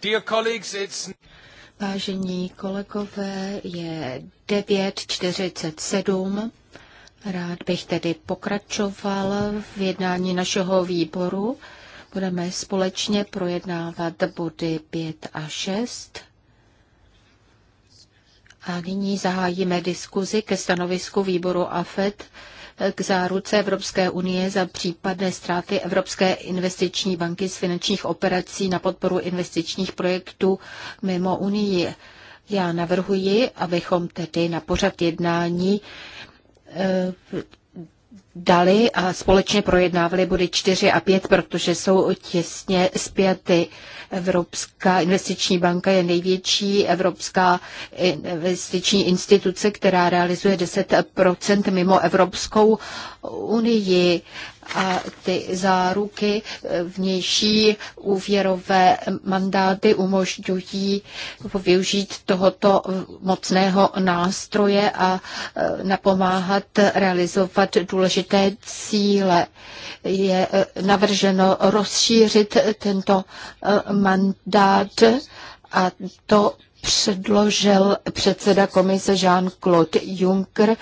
Dear colleagues, it's... Vážení kolegové, je 9.47. Rád bych tedy pokračoval v jednání našeho výboru. Budeme společně projednávat body 5 a 6. A nyní zahájíme diskuzi ke stanovisku výboru AFED k záruce Evropské unie za případné ztráty Evropské investiční banky z finančních operací na podporu investičních projektů mimo Unii. Já navrhuji, abychom tedy na pořad jednání eh, dali a společně projednávali body 4 a 5, protože jsou těsně zpěty. Evropská investiční banka je největší evropská investiční instituce, která realizuje 10 mimo Evropskou unii a ty záruky vnější úvěrové mandáty umožňují využít tohoto mocného nástroje a e, napomáhat realizovat důležité cíle. Je e, navrženo rozšířit tento e, mandát a to předložil předseda komise Jean-Claude Juncker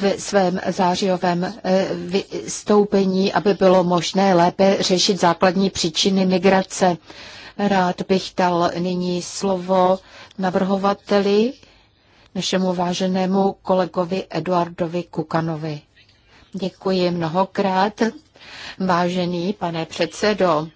v svém zářijovém eh, vystoupení, aby bylo možné lépe řešit základní příčiny migrace. Rád bych dal nyní slovo navrhovateli, našemu váženému kolegovi Eduardovi Kukanovi. Děkuji mnohokrát, vážený pane předsedo.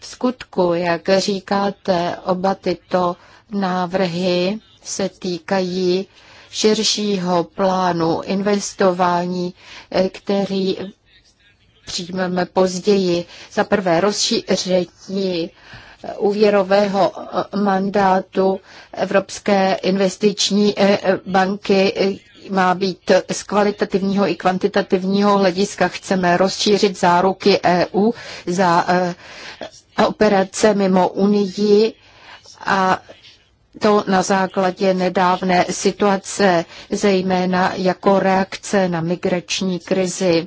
V skutku, jak říkáte, oba tyto návrhy se týkají širšího plánu investování, eh, který přijmeme později. Za prvé rozšíření eh, úvěrového eh, mandátu Evropské investiční banky má být z kvalitativního i kvantitativního hlediska. Chceme rozšířit záruky EU za operace mimo Unii a to na základě nedávné situace, zejména jako reakce na migrační krizi.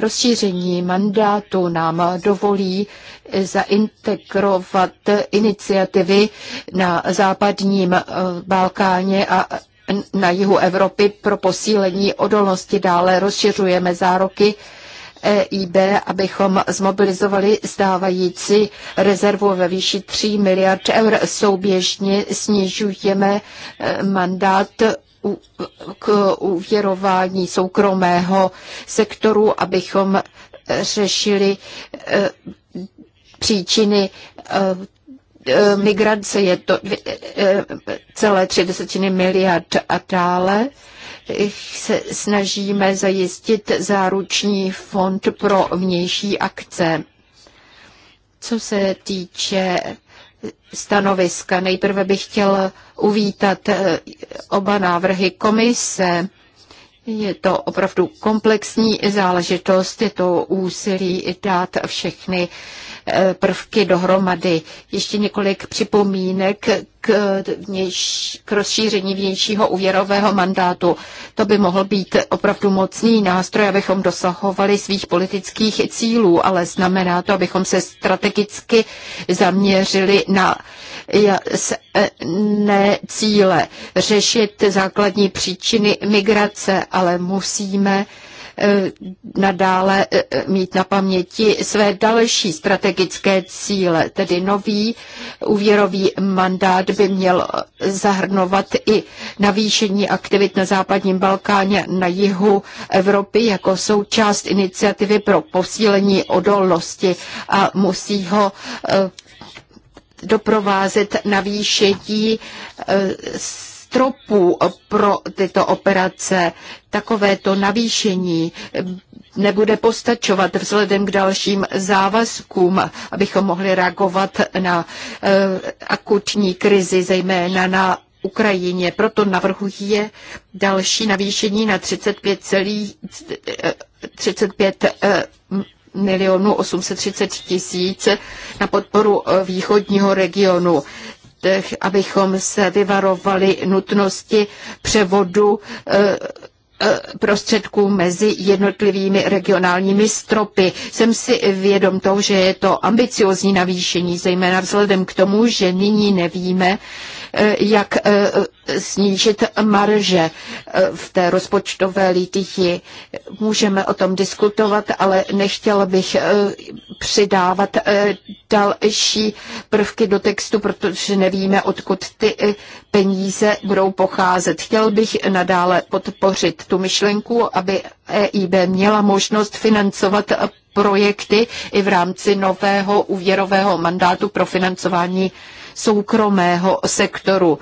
Rozšíření mandátu nám dovolí zaintegrovat iniciativy na západním eh, Balkáně a na jihu Evropy pro posílení odolnosti. Dále rozšiřujeme zároky EIB, abychom zmobilizovali stávající rezervu ve výši 3 miliard eur. Souběžně snižujeme eh, mandát k uvěrování soukromého sektoru, abychom řešili eh, příčiny eh, Eh, migrace je to eh, celé tři desetiny miliard a dále se snažíme zajistit záruční fond pro vnější akce. Co se týče stanoviska, nejprve bych chtěl uvítat eh, oba návrhy komise je to opravdu komplexní záležitost, je to úsilí dát všechny eh, prvky dohromady. Ještě několik připomínek k, vnějš, k rozšíření vnějšího úvěrového mandátu. To by mohl být opravdu mocný nástroj, abychom dosahovali svých politických cílů, ale znamená to, abychom se strategicky zaměřili na E, ne cíle, řešit základní příčiny migrace, ale musíme e, nadále e, mít na paměti své další strategické cíle, tedy nový úvěrový mandát by měl zahrnovat i navýšení aktivit na západním Balkáně na jihu Evropy jako součást iniciativy pro posílení odolnosti a musí ho doprovázet navýšení e, stropů pro tyto operace. Takovéto navýšení nebude postačovat vzhledem k dalším závazkům, abychom mohli reagovat na e, akutní krizi, zejména na Ukrajině. Proto navrhuje další navýšení na 35, celý, 35 milionů 830 tisíc na podporu eh, východního regionu abychom se vyvarovali nutnosti převodu eh, eh, prostředků mezi jednotlivými regionálními stropy. Jsem si vědom toho, že je to ambiciozní navýšení, zejména vzhledem k tomu, že nyní nevíme, Eh, jak eh, snížit marže eh, v té rozpočtové litihy. Můžeme o tom diskutovat, ale nechtěla bych přidávat další prvky do textu, protože nevíme, odkud ty peníze budou pocházet. Chtěl bych nadále podpořit tu myšlenku, aby EIB měla možnost financovat projekty i v rámci nového úvěrového mandátu pro financování soukromého sektoru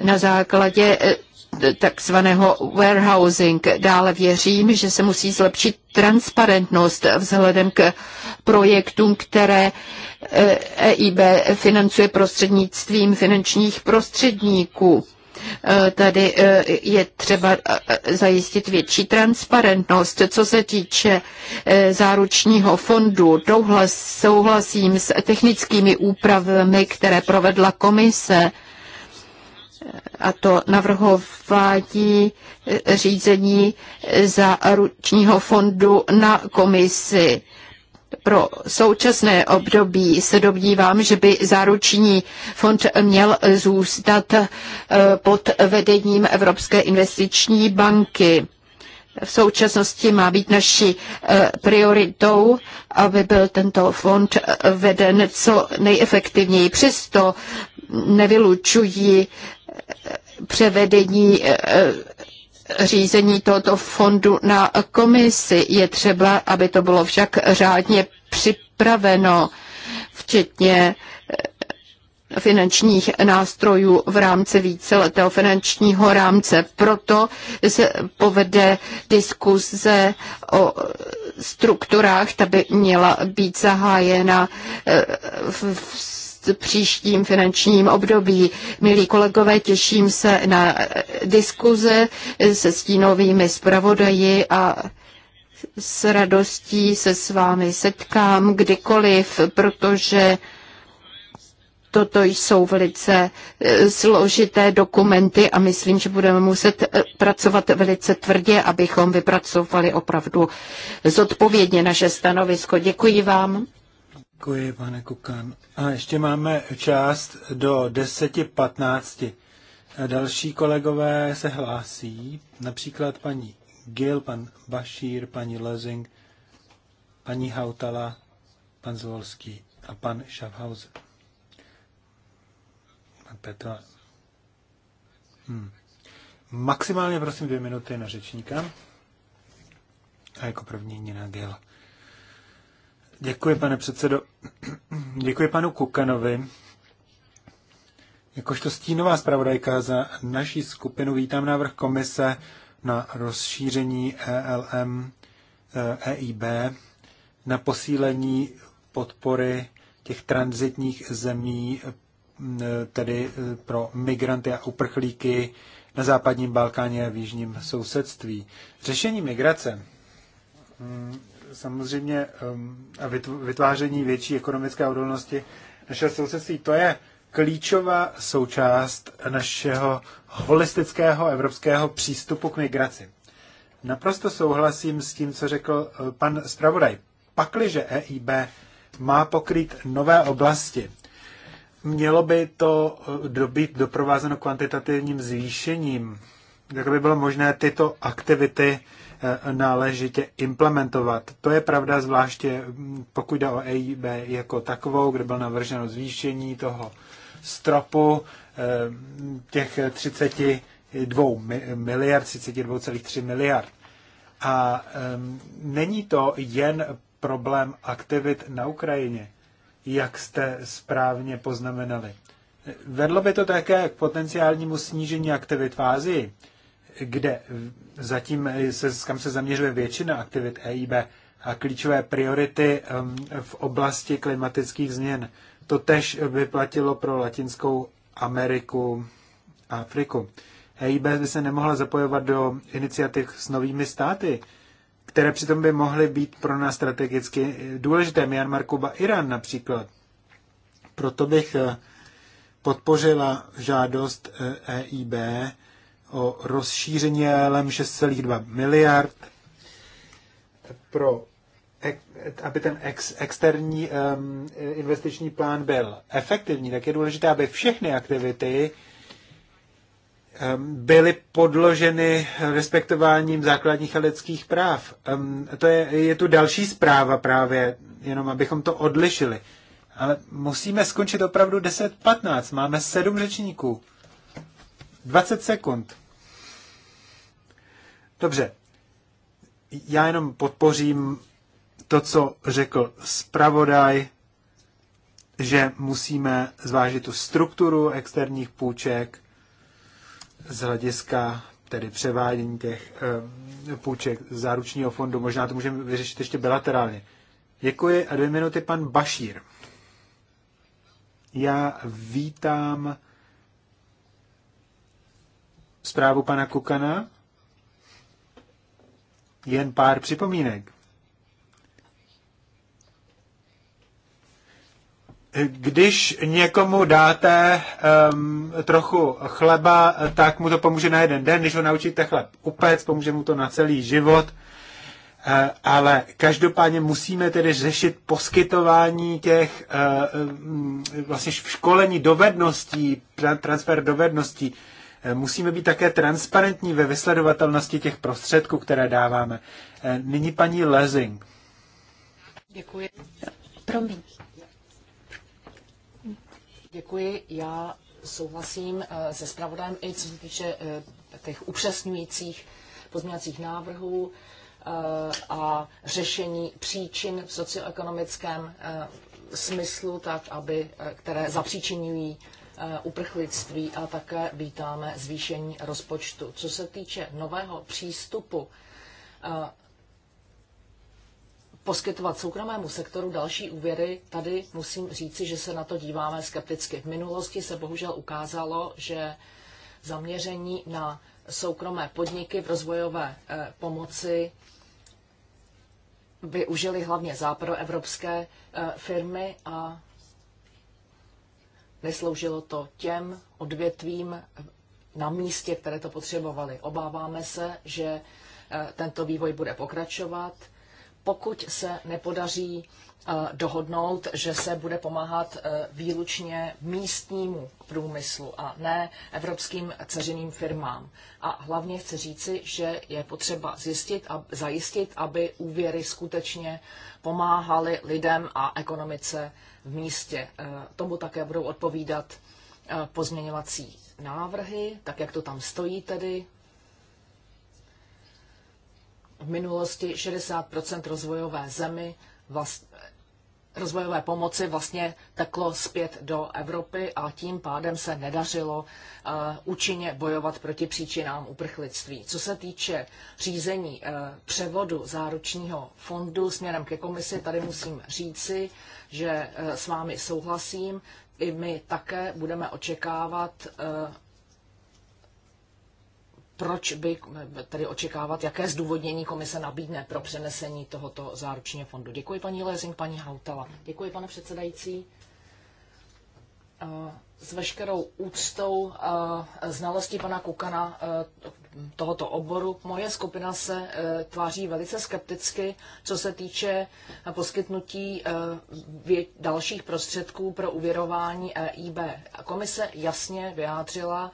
na základě eh, takzvaného warehousing. Dále věřím, že se musí zlepšit transparentnost vzhledem k projektům, které EIB eh, e financuje prostřednictvím finančních prostředníků. Eh, tady eh, je třeba eh, zajistit větší transparentnost. Co se týče záručního fondu, douhlas, souhlasím s technickými úpravami, které provedla komise a to navrhování řízení záručního fondu na komisi pro současné období se dobdívám, že by záruční fond měl zůstat eh, pod vedením Evropské investiční banky. V současnosti má být naší eh, prioritou, aby byl tento fond eh, veden co nejefektivněji. Přesto nevylučují převedení řízení tohoto fondu na komisi. Je třeba, aby to bylo však řádně připraveno, včetně eh, finančních nástrojů v rámci víceletého finančního rámce. Proto se povede diskuze o strukturách, ta by měla být zahájena eh, v příštím finančním období. Milí kolegové, těším se na diskuze se stínovými zpravodaji a s radostí se s vámi setkám kdykoliv, protože toto jsou velice eh, složité dokumenty a myslím, že budeme muset eh, pracovat velice tvrdě, abychom vypracovali opravdu zodpovědně naše stanovisko. Děkuji vám. Děkuji, pane Kukan. A ještě máme část do 10.15. Další kolegové se hlásí, například paní Gil, pan Bashir, paní Lezing, paní Hautala, pan Zvolský a pan Schaffhauser. Pan Petra. Hmm. Maximálně prosím dvě minuty na řečníka. A jako první Nina Gil. Děkuji, pane předsedo. Děkuji panu Kukanovi. Jakožto stínová zpravodajka za naší skupinu vítám návrh komise na rozšíření ELM EIB eh, e na posílení podpory těch transitních zemí, eh, tedy eh, pro migranty a uprchlíky na západním Balkáně a v jižním sousedství. Řešení migrace hmm, samozřejmě um, vytváření větší ekonomické odolnosti našeho sousedství. To je klíčová součást našeho holistického evropského přístupu k migraci. Naprosto souhlasím s tím, co řekl uh, pan zpravodaj. Pakliže EIB má pokrýt nové oblasti, mělo by to uh, být doprovázeno kvantitativním zvýšením jak by bylo možné tyto aktivity eh, náležitě implementovat. To je pravda zvláště hm, pokud jde o EIB jako takovou, kde bylo navrženo zvýšení toho stropu eh, těch 32 miliard, 32,3 miliard. A ehm, není to jen problém aktivit na Ukrajině, jak jste správně poznamenali. Vedlo by to také k potenciálnímu snížení aktivit v Ázii kde zatím se, kam se zaměřuje většina aktivit EIB a klíčové priority um, v oblasti klimatických změn. To tež by platilo pro Latinskou Ameriku a Afriku. EIB by se nemohla zapojovat do iniciativ s novými státy, které přitom by mohly být pro nás strategicky důležité. Myanmar, Kuba, Irán například. Proto bych eh, podpořila žádost EIB eh, e o rozšíření ELM 6,2 miliard pro aby ten ex, externí um, investiční plán byl efektivní, tak je důležité, aby všechny aktivity um, byly podloženy respektováním základních a lidských práv. Um, to je, je tu další zpráva právě, jenom abychom to odlišili. Ale musíme skončit opravdu 10-15. Máme sedm řečníků. 20 sekund. Dobře. Já jenom podpořím to, co řekl zpravodaj, že musíme zvážit tu strukturu externích půjček z hlediska tedy převádění těch eh, půjček z záručního fondu. Možná to můžeme vyřešit ještě bilaterálně. Děkuji a dvě minuty pan Bašír. Já vítám zprávu pana Kukana. Jen pár připomínek. Když někomu dáte um, trochu chleba, tak mu to pomůže na jeden den. Když ho naučíte chleb upec, pomůže mu to na celý život. Eh, ale každopádně musíme tedy řešit poskytování těch eh, vlastně školení dovedností, transfer dovedností. Eh, musíme být také transparentní ve vysledovatelnosti těch prostředků, které dáváme. Eh, nyní paní Lezing. Děkuji. Promiň. Děkuji. Já souhlasím eh, se zpravodajem i co se týče těch upřesňujících pozměňovacích návrhů a řešení příčin v socioekonomickém smyslu, tak aby, které zapříčinují Eh, uprchlictví a také vítáme zvýšení rozpočtu. Co se týče nového přístupu eh, poskytovat soukromému sektoru další úvěry, tady musím říci, že se na to díváme skepticky. V minulosti se bohužel ukázalo, že zaměření na soukromé podniky v rozvojové eh, pomoci využili hlavně západoevropské firmy a Nesloužilo to těm odvětvím na místě, které to potřebovali. Obáváme se, že eh, tento vývoj bude pokračovat pokud se nepodaří eh, dohodnout, že se bude pomáhat eh, výlučně místnímu průmyslu a ne evropským ceřeným firmám. A hlavně chci říci, že je potřeba zjistit a zajistit, aby úvěry skutečně pomáhaly lidem a ekonomice v místě. Eh, tomu také budou odpovídat pozměňovací návrhy, tak jak to tam stojí tedy v minulosti 60 rozvojové zemi vlast, rozvojové pomoci vlastně teklo zpět do Evropy a tím pádem se nedařilo uh, účinně bojovat proti příčinám uprchlictví. Co se týče řízení uh, převodu záručního fondu směrem ke komisi, tady musím říci, že uh, s vámi souhlasím. I my také budeme očekávat proč by tedy očekávat, jaké zdůvodnění komise nabídne pro přenesení tohoto záručního fondu. Děkuji paní Lézing, paní Hautala. Děkuji, pane předsedající. Eh, s veškerou úctou eh, znalosti pana Kukana eh, tohoto oboru, moje skupina se tváří velice skepticky, co se týče poskytnutí dalších prostředků pro uvěrování EIB. Komise jasně vyjádřila,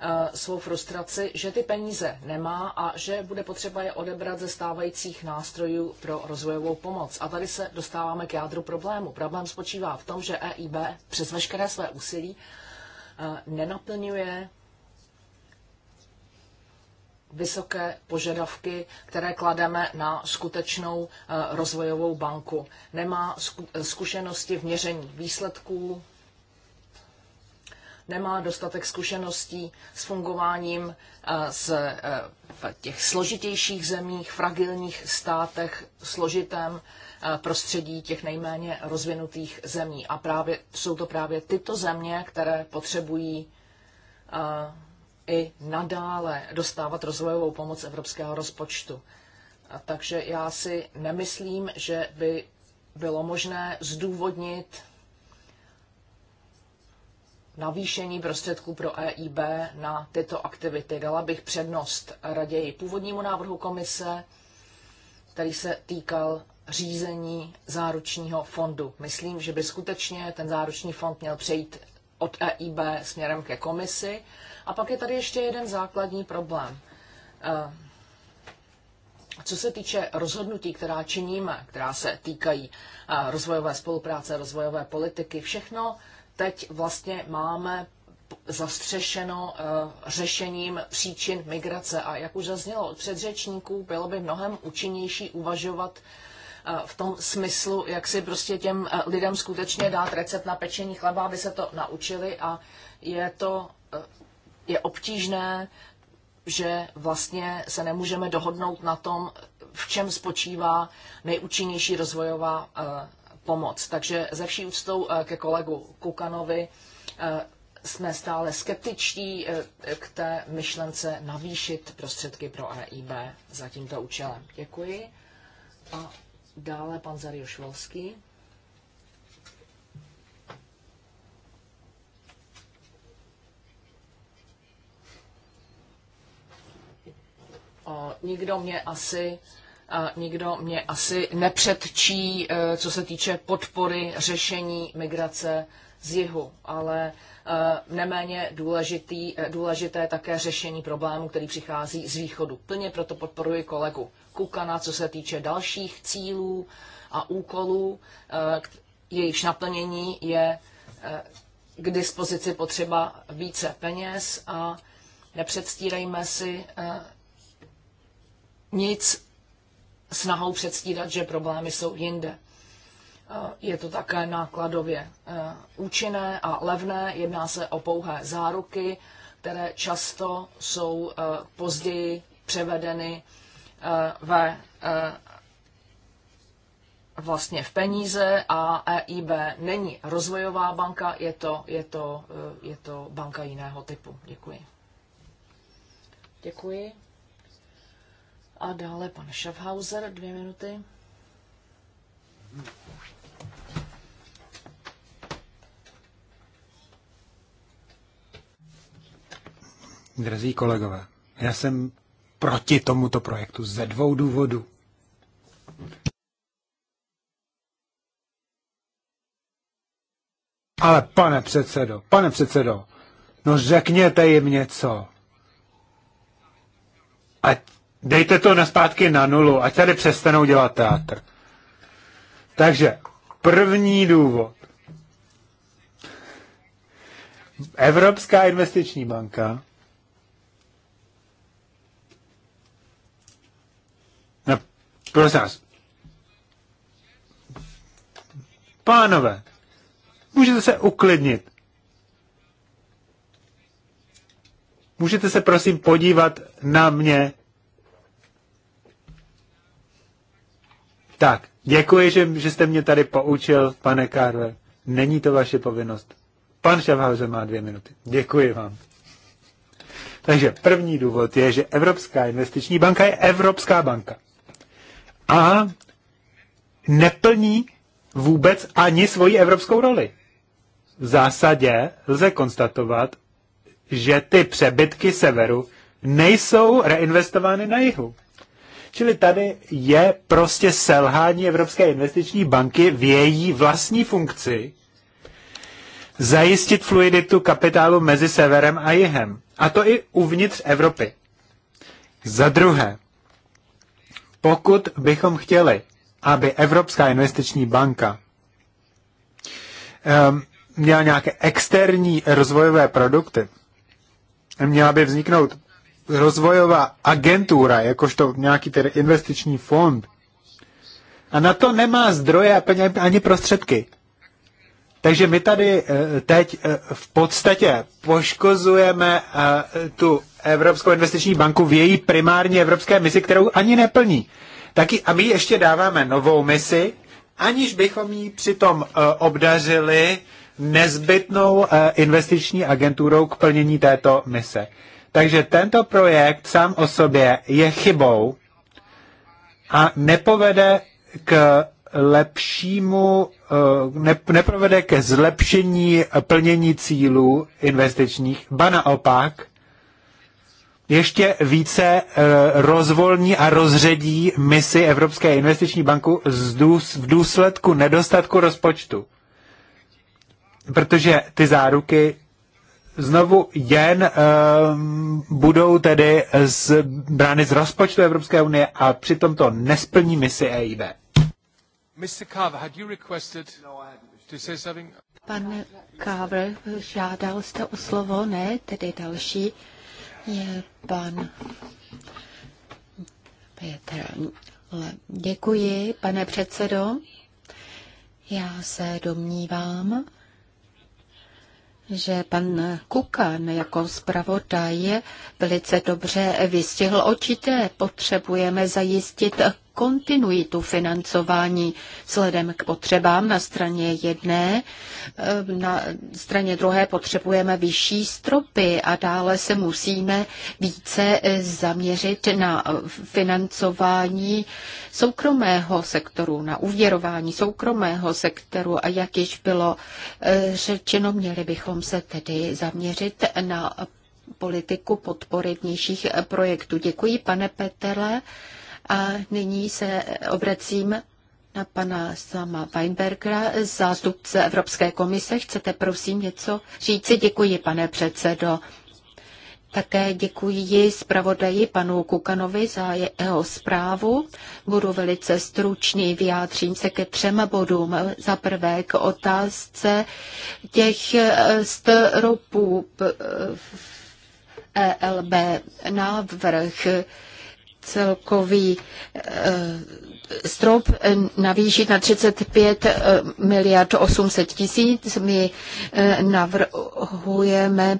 Eh, svou frustraci, že ty peníze nemá a že bude potřeba je odebrat ze stávajících nástrojů pro rozvojovou pomoc. A tady se dostáváme k jádru problému. Problém spočívá v tom, že EIB přes veškeré své úsilí eh, nenaplňuje vysoké požadavky, které klademe na skutečnou eh, rozvojovou banku. Nemá zkušenosti v měření výsledků, nemá dostatek zkušeností s fungováním eh, z, eh, v těch složitějších zemích, fragilních státech, složitém eh, prostředí těch nejméně rozvinutých zemí. A právě, jsou to právě tyto země, které potřebují i nadále dostávat rozvojovou pomoc evropského rozpočtu. takže já si nemyslím, že by bylo možné zdůvodnit navýšení prostředků pro EIB na tyto aktivity. Dala bych přednost raději původnímu návrhu komise, který se týkal řízení záručního fondu. Myslím, že by skutečně ten záruční fond měl přejít od EIB směrem ke komisi. A pak je tady ještě jeden základní problém. Eh, co se týče rozhodnutí, která činíme, která se týkají eh, rozvojové spolupráce, rozvojové politiky, všechno teď vlastně máme zastřešeno eh, řešením příčin migrace. A jak už zaznělo od předřečníků, bylo by mnohem účinnější uvažovat eh, v tom smyslu, jak si prostě těm eh, lidem skutečně dát recept na pečení chleba, aby se to naučili a je to je obtížné, že vlastně se nemůžeme dohodnout na tom, v čem spočívá nejúčinnější rozvojová pomoc. Takže ze vší úctou eh, ke kolegu Kukanovi eh, jsme stále skeptičtí eh, k té myšlence navýšit prostředky pro EIB za tímto účelem. Děkuji. A dále pan Zario Švolský. O, nikdo mě asi nikdo mě asi nepředčí, eh, co se týče podpory řešení migrace z jihu, ale eh, neméně důležitý, eh, důležité také řešení problému, který přichází z východu. Plně proto podporuji kolegu Kukana, co se týče dalších cílů a úkolů, jejichž naplnění je k dispozici potřeba více peněz a nepředstírejme si nic snahou předstírat, že problémy jsou jinde. E, je to také nákladově e, účinné a levné, jedná se o pouhé záruky, které často jsou e, později převedeny ve vlastně v peníze a EIB není rozvojová banka, je to, je to, je to banka jiného typu. Děkuji. Děkuji. A dále pan Schaffhauser, dvě minuty. Drazí kolegové, já jsem proti tomuto projektu ze dvou důvodů. Ale pane předsedo, pane předsedo, no řekněte jim něco. Ať dejte to na zpátky na nulu, ať tady přestanou dělat teatr. Takže první důvod. Evropská investiční banka No, prosím vás. Pánové, můžete se uklidnit. Můžete se prosím podívat na mě Tak, děkuji, že, že jste mě tady poučil, pane Karve. Není to vaše povinnost. Pan Schaffhauser má dvě minuty. Děkuji vám. Takže první důvod je, že Evropská investiční banka je Evropská banka. A neplní vůbec ani svoji evropskou roli. V zásadě lze konstatovat, že ty přebytky severu nejsou reinvestovány na jihu. Čili tady je prostě selhání Evropské investiční banky v její vlastní funkci zajistit fluiditu kapitálu mezi severem a jihem. A to i uvnitř Evropy. Za druhé, pokud bychom chtěli, aby Evropská investiční banka um, měla nějaké externí rozvojové produkty, měla by vzniknout rozvojová agentura, jakožto nějaký tedy investiční fond, a na to nemá zdroje a ani prostředky. Takže my tady eh, teď eh, v podstatě poškozujeme eh, tu Evropskou investiční banku v její primární evropské misi, kterou ani neplní. Taky, a my ještě dáváme novou misi, aniž bychom ji přitom obdařili nezbytnou investiční agenturou k plnění této mise. Takže tento projekt sám o sobě je chybou a nepovede k lepšímu, eh, ne, neprovede ke zlepšení plnění cílů investičních, ba naopak, ještě více eh, rozvolní a rozředí misi Evropské investiční banku v důsledku nedostatku rozpočtu. Protože ty záruky znovu jen eh, budou tedy z, brány z rozpočtu Evropské unie a přitom to nesplní misi EIB. Mr. Carver, had you requested to say something? Pan Carver, žádal jste o slovo, ne? Tedy další je pan Petr. Děkuji, pane předsedo. Já se domnívám, že pan Kukan jako zpravodaj velice dobře vystihl očité. Potřebujeme zajistit kontinuitu financování vzhledem k potřebám na straně jedné. Eh, na straně druhé potřebujeme vyšší stropy a dále se musíme více eh, zaměřit na eh, financování soukromého sektoru, na uvěrování soukromého sektoru a jak již bylo řečeno, měli bychom se tedy zaměřit na politiku podpory vnějších projektů. Děkuji, pane Petele. A nyní se obracím na pana Sama Weinbergera, zástupce Evropské komise. Chcete prosím něco říci? Děkuji, pane předsedo. Také děkuji zpravodaji panu Kukanovi za jeho zprávu. Budu velice stručný, vyjádřím se ke třem bodům. Za prvé k otázce těch stropů ELB návrh celkový eh, strop eh, navýšit na 35 eh, miliard 800 tisíc. My navrhujeme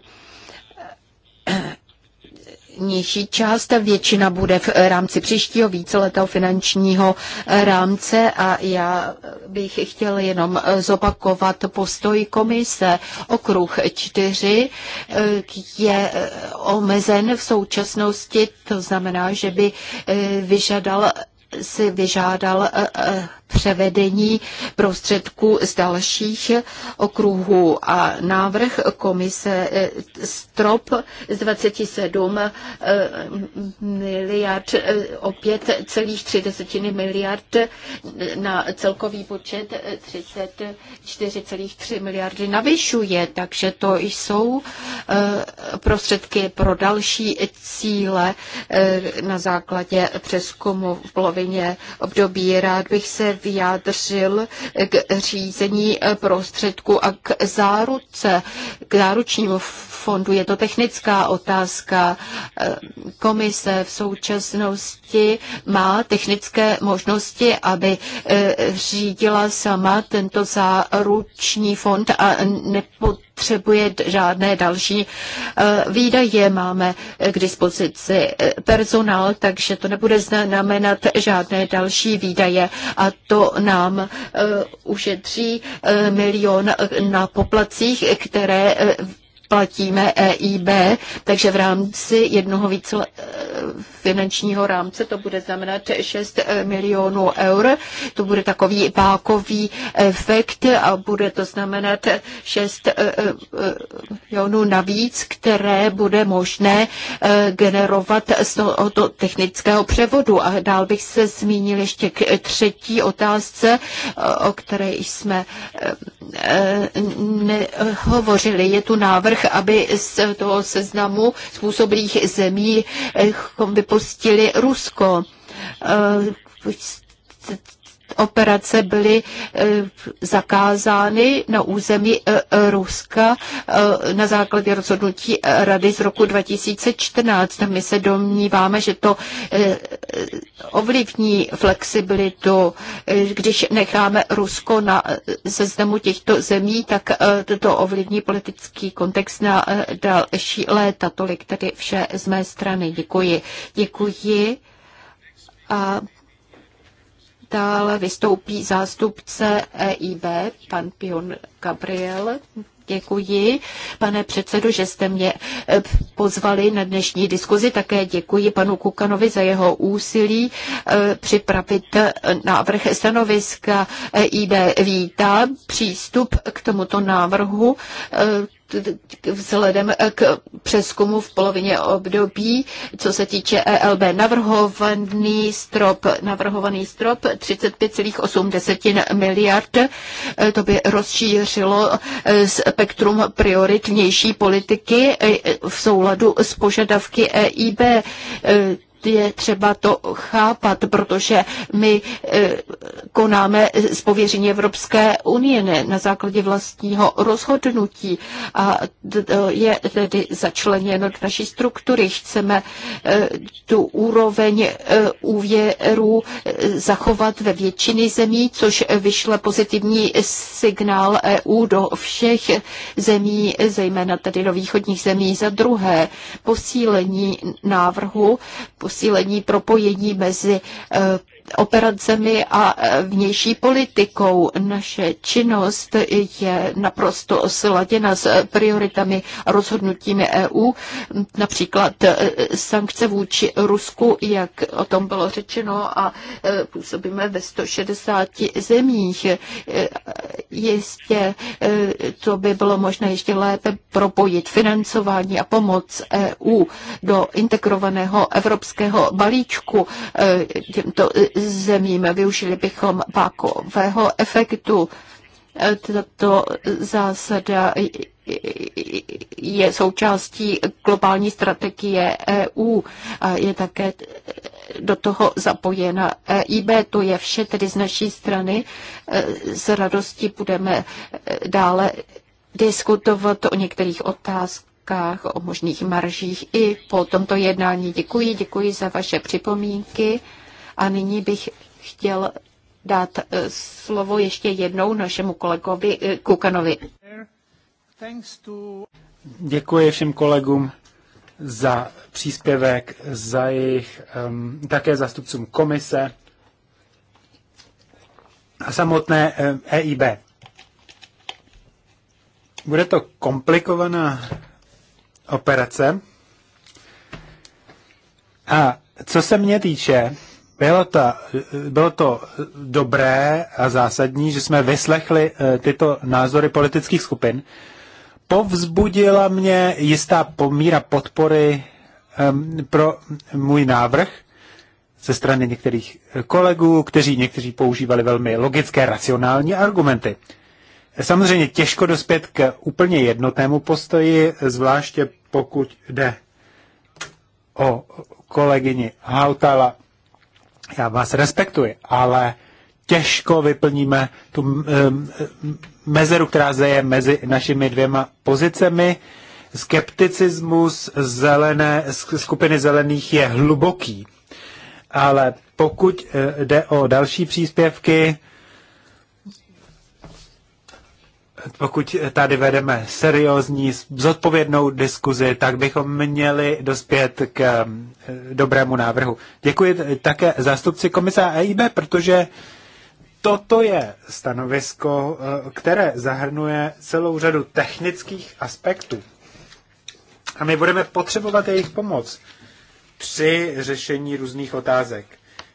nižší část, většina bude v rámci příštího víceletého finančního rámce a já bych chtěl jenom zopakovat postoj komise. Okruh 4 eh, je eh, omezen v současnosti, to znamená, že by eh, vyžadal si vyžádal převedení prostředků z dalších okruhů a návrh komise eh, strop z 27 eh, miliard eh, o 5,3 miliard na celkový počet 34,3 miliardy navyšuje, takže to jsou prostředky pro další cíle na základě přeskumu v polovině období. Rád bych se vyjádřil k řízení prostředku a k záruce, k záručnímu fondu. Je to technická otázka. Komise v současnosti má technické možnosti, aby eh, řídila sama tento záruční fond a nepod nepotřebuje žádné další eh, výdaje. Máme eh, k dispozici eh, personál, takže to nebude znamenat žádné další výdaje a to nám ušetří milion na poplacích, které platíme EIB, takže v rámci jednoho více eh, finančního rámce to bude znamenat 6 eh, milionů eur. To bude takový pákový efekt a bude to znamenat 6 eh, milionů navíc, které bude možné generovat z tohoto technického převodu. A dál bych se zmínil ještě k třetí otázce, o které jsme nehovořili. Je tu návrh aby z toho seznamu způsobilých zemí eh, vypustili Rusko eh, operace byly e, zakázány na území e, Ruska e, na základě rozhodnutí Rady z roku 2014. My se domníváme, že to ovlivní flexibilitu. Když necháme Rusko na seznamu těchto zemí, tak to ovlivní politický kontext na další léta. Tolik tedy vše z mé strany. Děkuji. Děkuji. A dále vystoupí zástupce EIB, pan Pion Gabriel. Děkuji, pane předsedo, že jste mě eh, pozvali na dnešní diskuzi. Také děkuji panu Kukanovi za jeho úsilí eh, připravit návrh stanoviska EIB Vítám Přístup k tomuto návrhu eh, vzhledem k přeskumu v polovině období, co se týče ELB, navrhovaný strop, navrhovaný strop 35,8 miliard, e, to by rozšířilo e, spektrum prioritnější politiky e, v souladu s požadavky EIB je třeba to chápat, protože my eh, konáme z pověření Evropské unie, ne na základě vlastního rozhodnutí a je tedy začleněno do naší struktury. Chceme eh, tu úroveň eh, úvěru zachovat ve většiny zemí, což vyšle pozitivní signál EU do všech zemí, zejména tedy do východních zemí. Za druhé, posílení návrhu, posílení propojení mezi eh, operacemi a e, vnější politikou. Naše činnost je naprosto sladěna s prioritami a rozhodnutími EU, například e, sankce vůči Rusku, jak o tom bylo řečeno, a e, působíme ve 160 zemích. Jistě to by bylo možné ještě lépe propojit financování a pomoc EU do integrovaného evropského balíčku těmto zemím. Využili bychom pákového efektu. Tato zásada je součástí globální strategie EU a je také do toho zapojena EIB. To je vše tedy z naší strany. S radostí budeme dále diskutovat o některých otázkách, o možných maržích i po tomto jednání. Děkuji, děkuji za vaše připomínky. A nyní bych chtěl dát eh, slovo ještě jednou našemu kolegovi eh, Kukanovi. Děkuji všem kolegům za příspěvek, za jejich um, také zastupcům komise a samotné um, eh, EIB. Bude to komplikovaná operace. A co se mě týče, bylo to, bylo to dobré a zásadní, že jsme vyslechli eh, tyto názory politických skupin. Povzbudila mě jistá pomíra podpory ehm, pro můj návrh ze strany některých eh, kolegů, kteří někteří používali velmi logické, racionální argumenty. Samozřejmě těžko dospět k úplně jednotnému postoji, zvláště pokud jde o kolegyni Hautala já vás respektuji, ale těžko vyplníme tu mezeru, která zde je mezi našimi dvěma pozicemi. Skepticismus zelené, skupiny zelených je hluboký, ale pokud eh, jde o další příspěvky, pokud tady vedeme seriózní, zodpovědnou diskuzi, tak bychom měli dospět k eh, dobrému návrhu. Děkuji také zástupci komise EIB, protože toto je stanovisko, eh, které zahrnuje celou řadu technických aspektů. A my budeme potřebovat jejich pomoc při řešení různých otázek.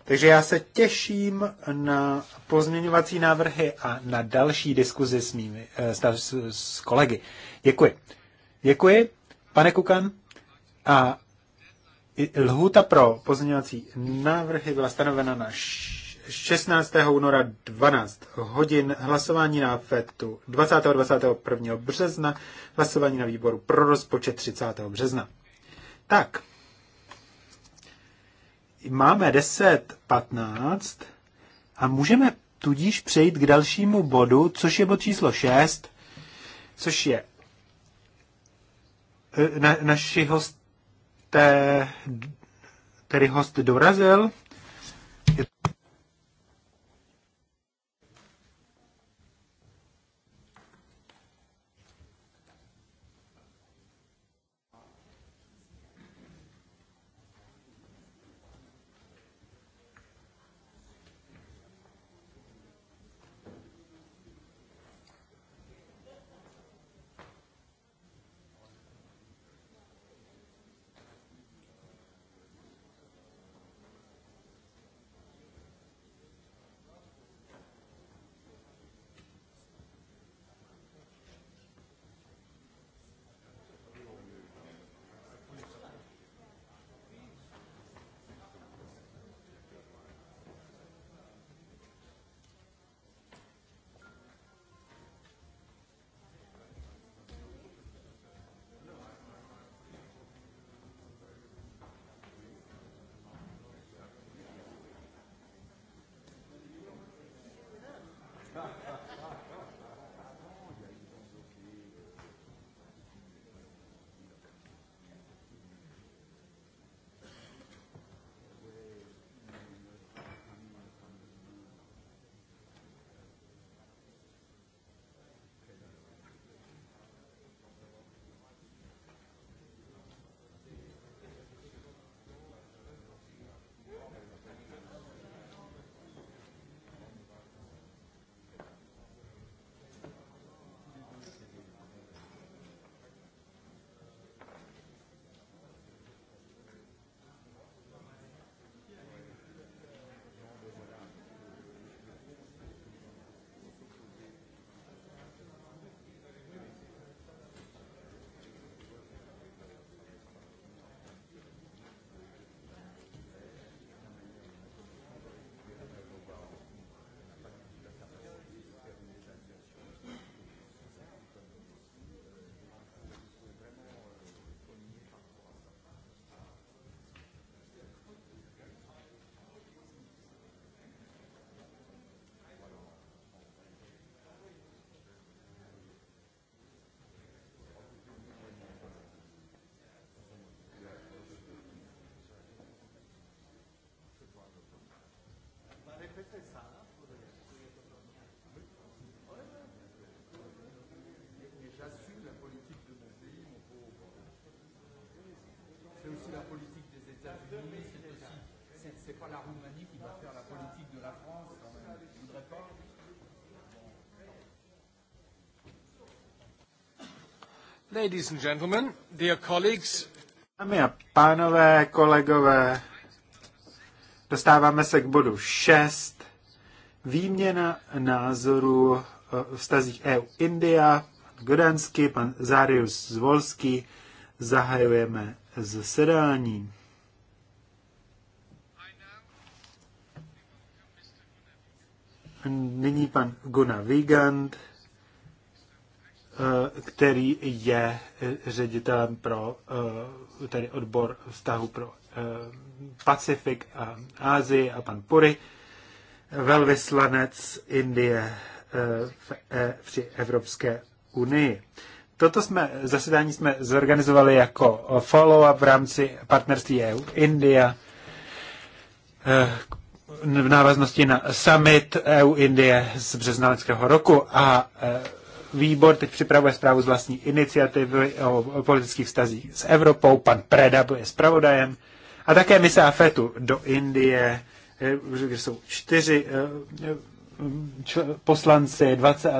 Takže já se těším na pozměňovací návrhy a na další diskuzi s, mými, eh, s, s kolegy. Děkuji. Děkuji, pane Kukan. A lhůta pro pozměňovací návrhy byla stanovena na 16. února 12 hodin, hlasování na FETu 20. 21. března, hlasování na výboru pro rozpočet 30. března. Tak, máme 10.15 a můžeme tudíž přejít k dalšímu bodu, což je bod číslo 6, což je e, na, naši hosté, který host dorazil. C'est pas la Roumanie qui va faire la politique de la France quand même. Je voudrais pas. Ladies and gentlemen, dear colleagues. Dámy a pánové, kolegové, dostáváme se k bodu 6. Výměna názorů stazích eh, EU-India. Gdansky, pan Zárius Zvolský, zahajujeme zasedání. Nyní pan Gunnar Wigand, eh, který je eh, ředitelem pro eh, tedy odbor vztahu pro Pacifik a Ázii a pan Puri, velvyslanec Indie při Evropské unii. Toto jsme, zasedání jsme zorganizovali jako follow-up v rámci partnerství EU India v návaznosti na summit EU-Indie z března lidského roku a e, výbor teď připravuje zprávu z vlastní iniciativy o politických vztazích s Evropou. Pan Preda bude zpravodajem. A také mise AFETu do Indie, e, kde jsou čtyři e, poslanci, 20,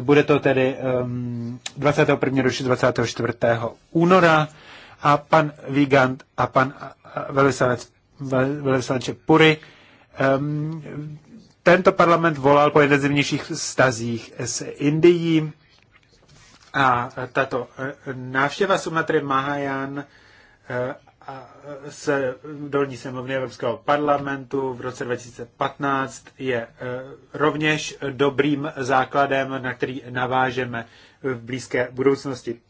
bude to tedy 21. do 24. února a pan Vigant a pan velvyslanec velvyslanče Pury, um, tento parlament volal po intenzivnějších stazích s Indií a tato e, návštěva Sumatry Mahajan e, e, z dolní sněmovny Evropského parlamentu v roce 2015 je rovněž dobrým základem, na který navážeme v blízké budoucnosti,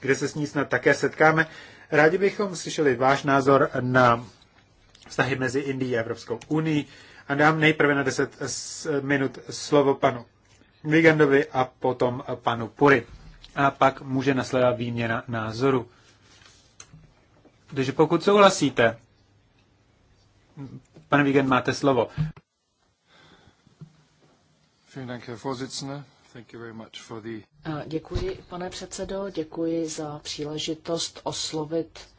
kde se s ní snad také setkáme. Rádi bychom slyšeli váš názor na vztahy mezi Indií a Evropskou unii. A dám nejprve na 10 minut slovo panu Vigandovi a potom panu Puri. A pak může nasledovat výměna názoru. Takže pokud souhlasíte, pane Vigand, máte slovo. Děkuji, pane předsedo, děkuji za příležitost oslovit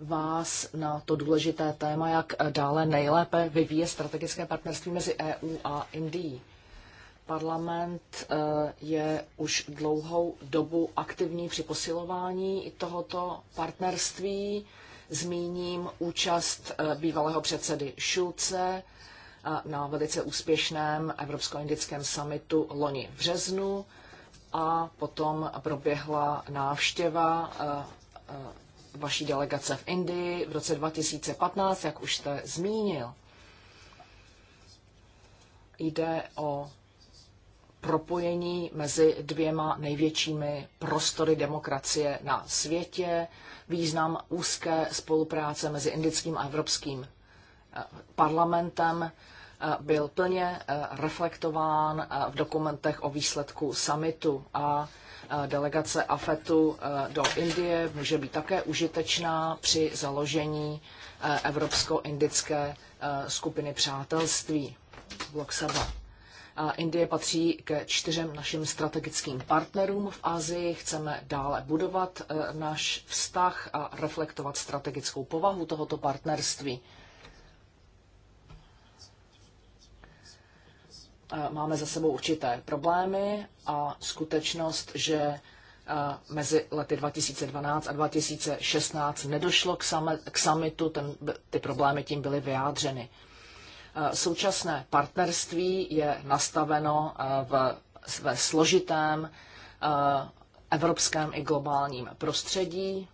vás na to důležité téma, jak dále nejlépe vyvíje strategické partnerství mezi EU a Indií. Parlament eh, je už dlouhou dobu aktivní při posilování tohoto partnerství. Zmíním účast eh, bývalého předsedy Šulce eh, na velice úspěšném Evropsko-indickém summitu loni v březnu a potom proběhla návštěva vaší delegace v Indii v roce 2015, jak už jste zmínil. Jde o propojení mezi dvěma největšími prostory demokracie na světě, význam úzké spolupráce mezi indickým a evropským eh, parlamentem eh, byl plně eh, reflektován v dokumentech o výsledku summitu a delegace AFETu eh, do Indie může být také užitečná při založení eh, evropsko-indické eh, skupiny přátelství Bloksaba. Indie patří ke čtyřem našim strategickým partnerům v Asii. Chceme dále budovat náš vztah a reflektovat strategickou povahu tohoto partnerství. máme za sebou určité problémy a skutečnost, že mezi lety 2012 a 2016 nedošlo k, sami, k samitu, ten, ty problémy tím byly vyjádřeny. Současné partnerství je nastaveno v, ve složitém evropském i globálním prostředí.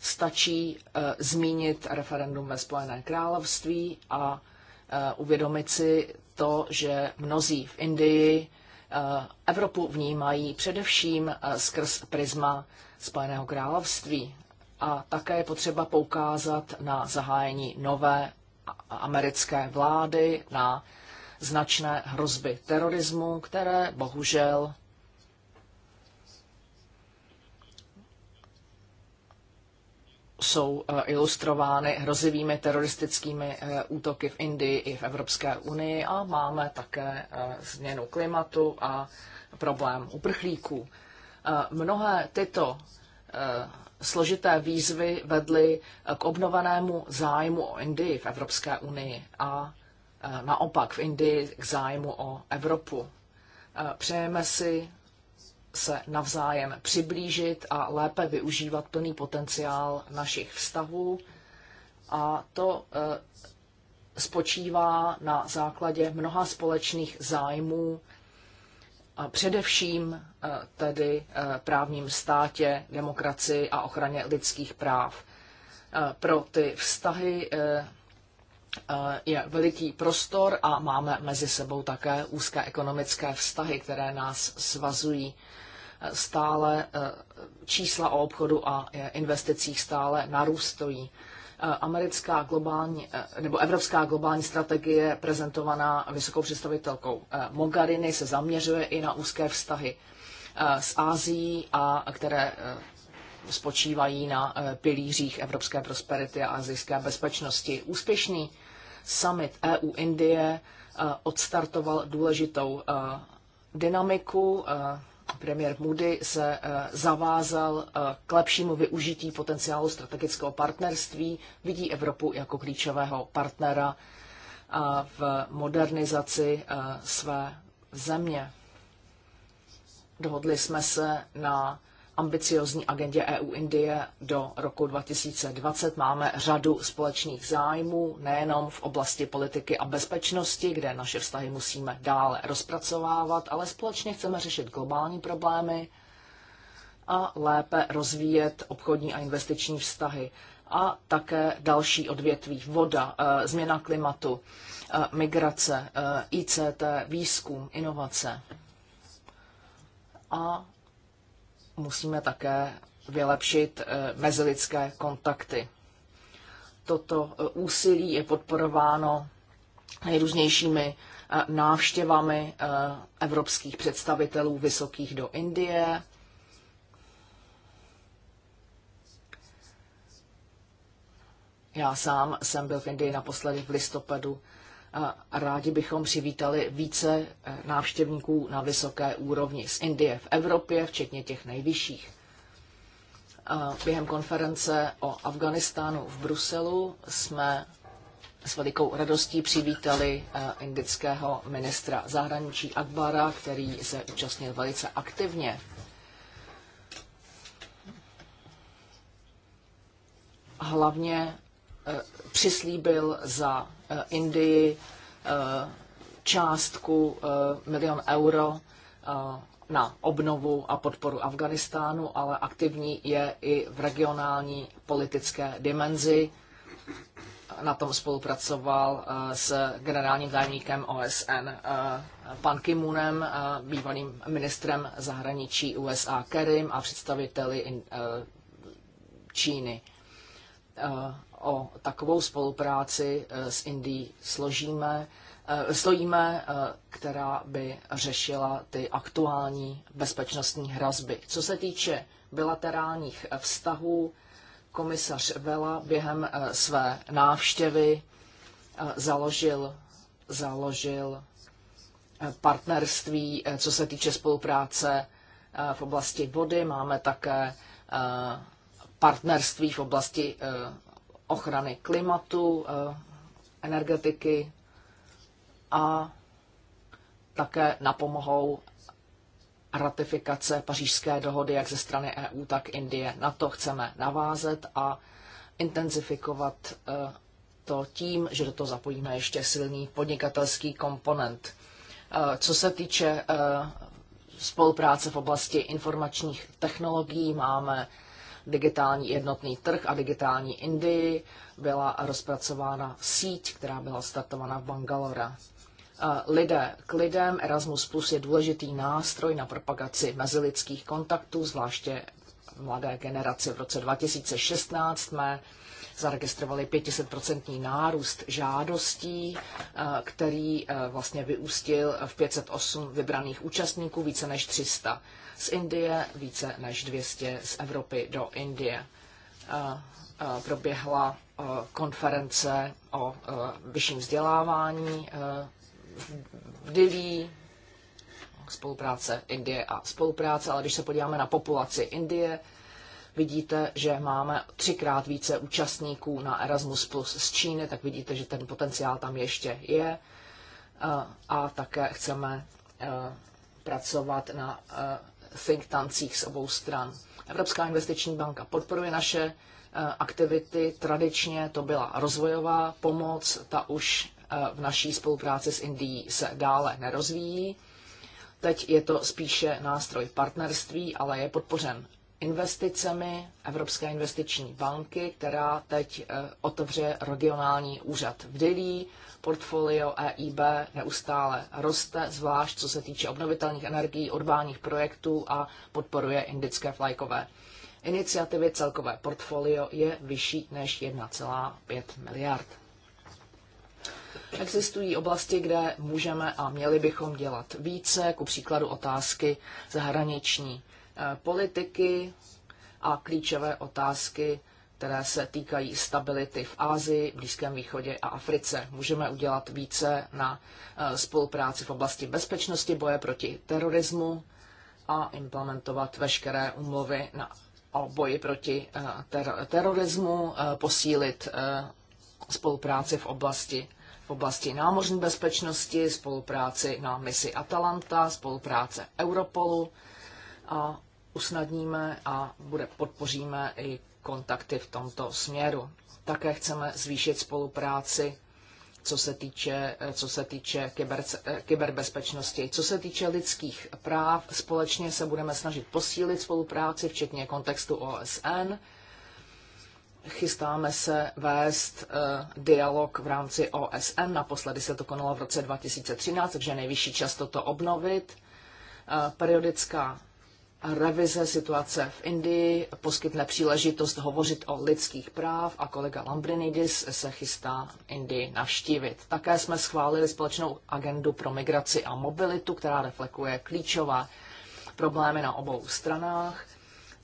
Stačí e, zmínit referendum ve Spojeném království a e, uvědomit si to, že mnozí v Indii eh, Evropu vnímají především eh, skrz prisma Spojeného království. A také je potřeba poukázat na zahájení nové americké vlády, na značné hrozby terorismu, které bohužel jsou eh, ilustrovány hrozivými teroristickými eh, útoky v Indii i v Evropské unii a máme také eh, změnu klimatu a problém uprchlíků. Mnohé tyto složité výzvy vedly k obnovenému zájmu o Indii v Evropské unii a naopak v Indii k zájmu o Evropu. Přejeme si se navzájem přiblížit a lépe využívat plný potenciál našich vztahů. A to e, spočívá na základě mnoha společných zájmů, a především e, tedy e, právním státě, demokracii a ochraně lidských práv. Pro ty vztahy Eh, je veliký prostor a máme mezi sebou také úzké ekonomické vztahy, které nás svazují eh, stále eh, čísla o obchodu a investicích stále narůstojí. Americká globální, nebo evropská globální strategie prezentovaná vysokou představitelkou Mogherini se zaměřuje i na úzké vztahy s Ázií, a které spočívají na pilířích evropské prosperity a azijské bezpečnosti. Úspěšný summit EU-Indie eh, odstartoval důležitou eh, dynamiku. Eh, premiér Moody se zavázal k lepšímu využití potenciálu strategického partnerství, vidí Evropu jako klíčového partnera v modernizaci své země. Dohodli jsme se na ambiciozní agendě EU-Indie do roku 2020 máme řadu společných zájmů, nejenom v oblasti politiky a bezpečnosti, kde naše vztahy musíme dále rozpracovávat, ale společně chceme řešit globální problémy a lépe rozvíjet obchodní a investiční vztahy a také další odvětví, voda, eh, změna klimatu, eh, migrace, eh, ICT, výzkum, inovace. A musíme také vylepšit eh, mezilidské kontakty. Toto eh, úsilí je podporováno nejrůznějšími eh, návštěvami evropských představitelů vysokých do Indie. Já sám jsem byl v Indii naposledy v listopadu rádi bychom přivítali více eh, návštěvníků na vysoké úrovni z Indie v Evropě, včetně těch nejvyšších. Během konference o Afganistánu v Bruselu jsme s velikou radostí přivítali eh, indického ministra zahraničí Akbara, který se účastnil velice aktivně. Hlavně Eh, přislíbil za eh, Indii eh, částku milion euro na obnovu a podporu Afganistánu, ale aktivní je i v regionální politické dimenzi. Na tom spolupracoval s generálním tajemníkem OSN pan Kimunem, bývalým ministrem zahraničí USA Kerim a představiteli Číny o takovou spolupráci eh, s Indií složíme, eh, stojíme, eh, která by řešila ty aktuální bezpečnostní hrazby. Co se týče bilaterálních vztahů, komisař Vela během své návštěvy založil, založil partnerství, co se týče spolupráce v oblasti vody. Máme také partnerství v oblasti ochrany klimatu, eh, energetiky a také napomohou ratifikace pařížské dohody jak ze strany EU, tak Indie. Na to chceme navázet a intenzifikovat eh, to tím, že do toho zapojíme ještě silný podnikatelský komponent. Eh, co se týče spolupráce v oblasti informačních technologií, máme digitální jednotný trh a digitální Indii byla rozpracována síť, která byla startována v Bangalore. Eh, lidé k lidem, Erasmus Plus je důležitý nástroj na propagaci mezilidských kontaktů, zvláště mladé generaci. V roce 2016 jsme zaregistrovali 500% nárůst žádostí, eh, který eh, vlastně vyústil v 508 vybraných účastníků více než 300 z Indie, více než 200 z Evropy do Indie. Proběhla konference o vyšším vzdělávání v Dilí, spolupráce Indie a spolupráce, ale když se podíváme na populaci Indie, vidíte, že máme třikrát více účastníků na Erasmus Plus z Číny, tak vidíte, že ten potenciál tam ještě je. A také chceme pracovat na think tancích z obou stran. Evropská investiční banka podporuje naše eh, aktivity. Tradičně to byla rozvojová pomoc, ta už eh, v naší spolupráci s Indií se dále nerozvíjí. Teď je to spíše nástroj partnerství, ale je podpořen investicemi Evropské investiční banky, která teď eh, otevře regionální úřad v Dilí. Portfolio EIB neustále roste, zvlášť co se týče obnovitelných energií, urbánních projektů a podporuje indické vlajkové iniciativy. Celkové portfolio je vyšší než 1,5 miliard. Existují oblasti, kde můžeme a měli bychom dělat více, ku příkladu otázky zahraniční Eh, politiky a klíčové otázky, které se týkají stability v Ázii, Blízkém východě a Africe. Můžeme udělat více na eh, spolupráci v oblasti bezpečnosti, boje proti terorismu a implementovat veškeré umluvy na, o boji proti eh, ter, terorismu, posílit spolupráci v oblasti v oblasti námořní bezpečnosti, spolupráci na misi Atalanta, spolupráce Europolu a usnadníme a bude podpoříme i kontakty v tomto směru. Také chceme zvýšit spolupráci co se týče, eh, co se týče kyber, eh, kyberbezpečnosti. Co se týče lidských práv, společně se budeme snažit posílit spolupráci, včetně kontextu OSN. Chystáme se vést uh, dialog v rámci OSN. Naposledy se to konalo v roce 2013, takže nejvyšší čas toto obnovit. Uh, periodická revize situace v Indii poskytne příležitost hovořit o lidských práv a kolega Lambrinidis se chystá Indii navštívit. Také jsme schválili společnou agendu pro migraci a mobilitu, která reflekuje klíčové problémy na obou stranách.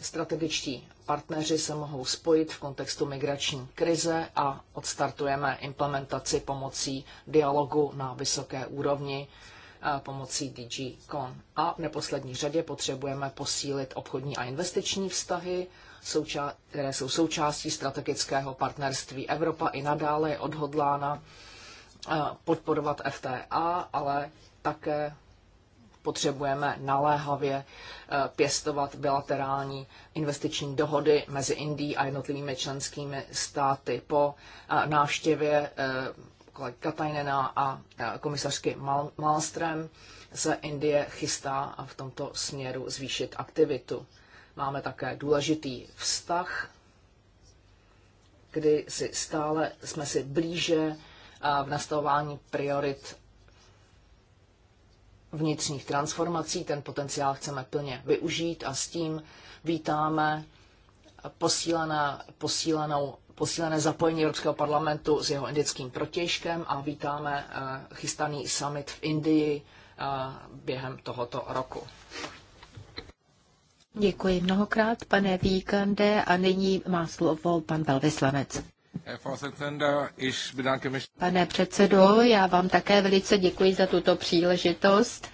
Strategičtí partneři se mohou spojit v kontextu migrační krize a odstartujeme implementaci pomocí dialogu na vysoké úrovni pomocí DG Con. A v neposlední řadě potřebujeme posílit obchodní a investiční vztahy, které jsou součástí strategického partnerství. Evropa i nadále je odhodlána eh, podporovat FTA, ale také potřebujeme naléhavě eh, pěstovat bilaterální investiční dohody mezi Indií a jednotlivými členskými státy. Po eh, návštěvě Katajnena a komisařky Mal- Malstrem se Indie chystá v tomto směru zvýšit aktivitu. Máme také důležitý vztah, kdy si stále jsme si blíže v nastavování priorit vnitřních transformací. Ten potenciál chceme plně využít a s tím vítáme posílené, posílenou posílené zapojení Evropského parlamentu s jeho indickým protěžkem a vítáme eh, chystaný summit v Indii eh, během tohoto roku. Děkuji mnohokrát, pane Víkande, a nyní má slovo pan velvyslanec. Pane předsedo, já vám také velice děkuji za tuto příležitost.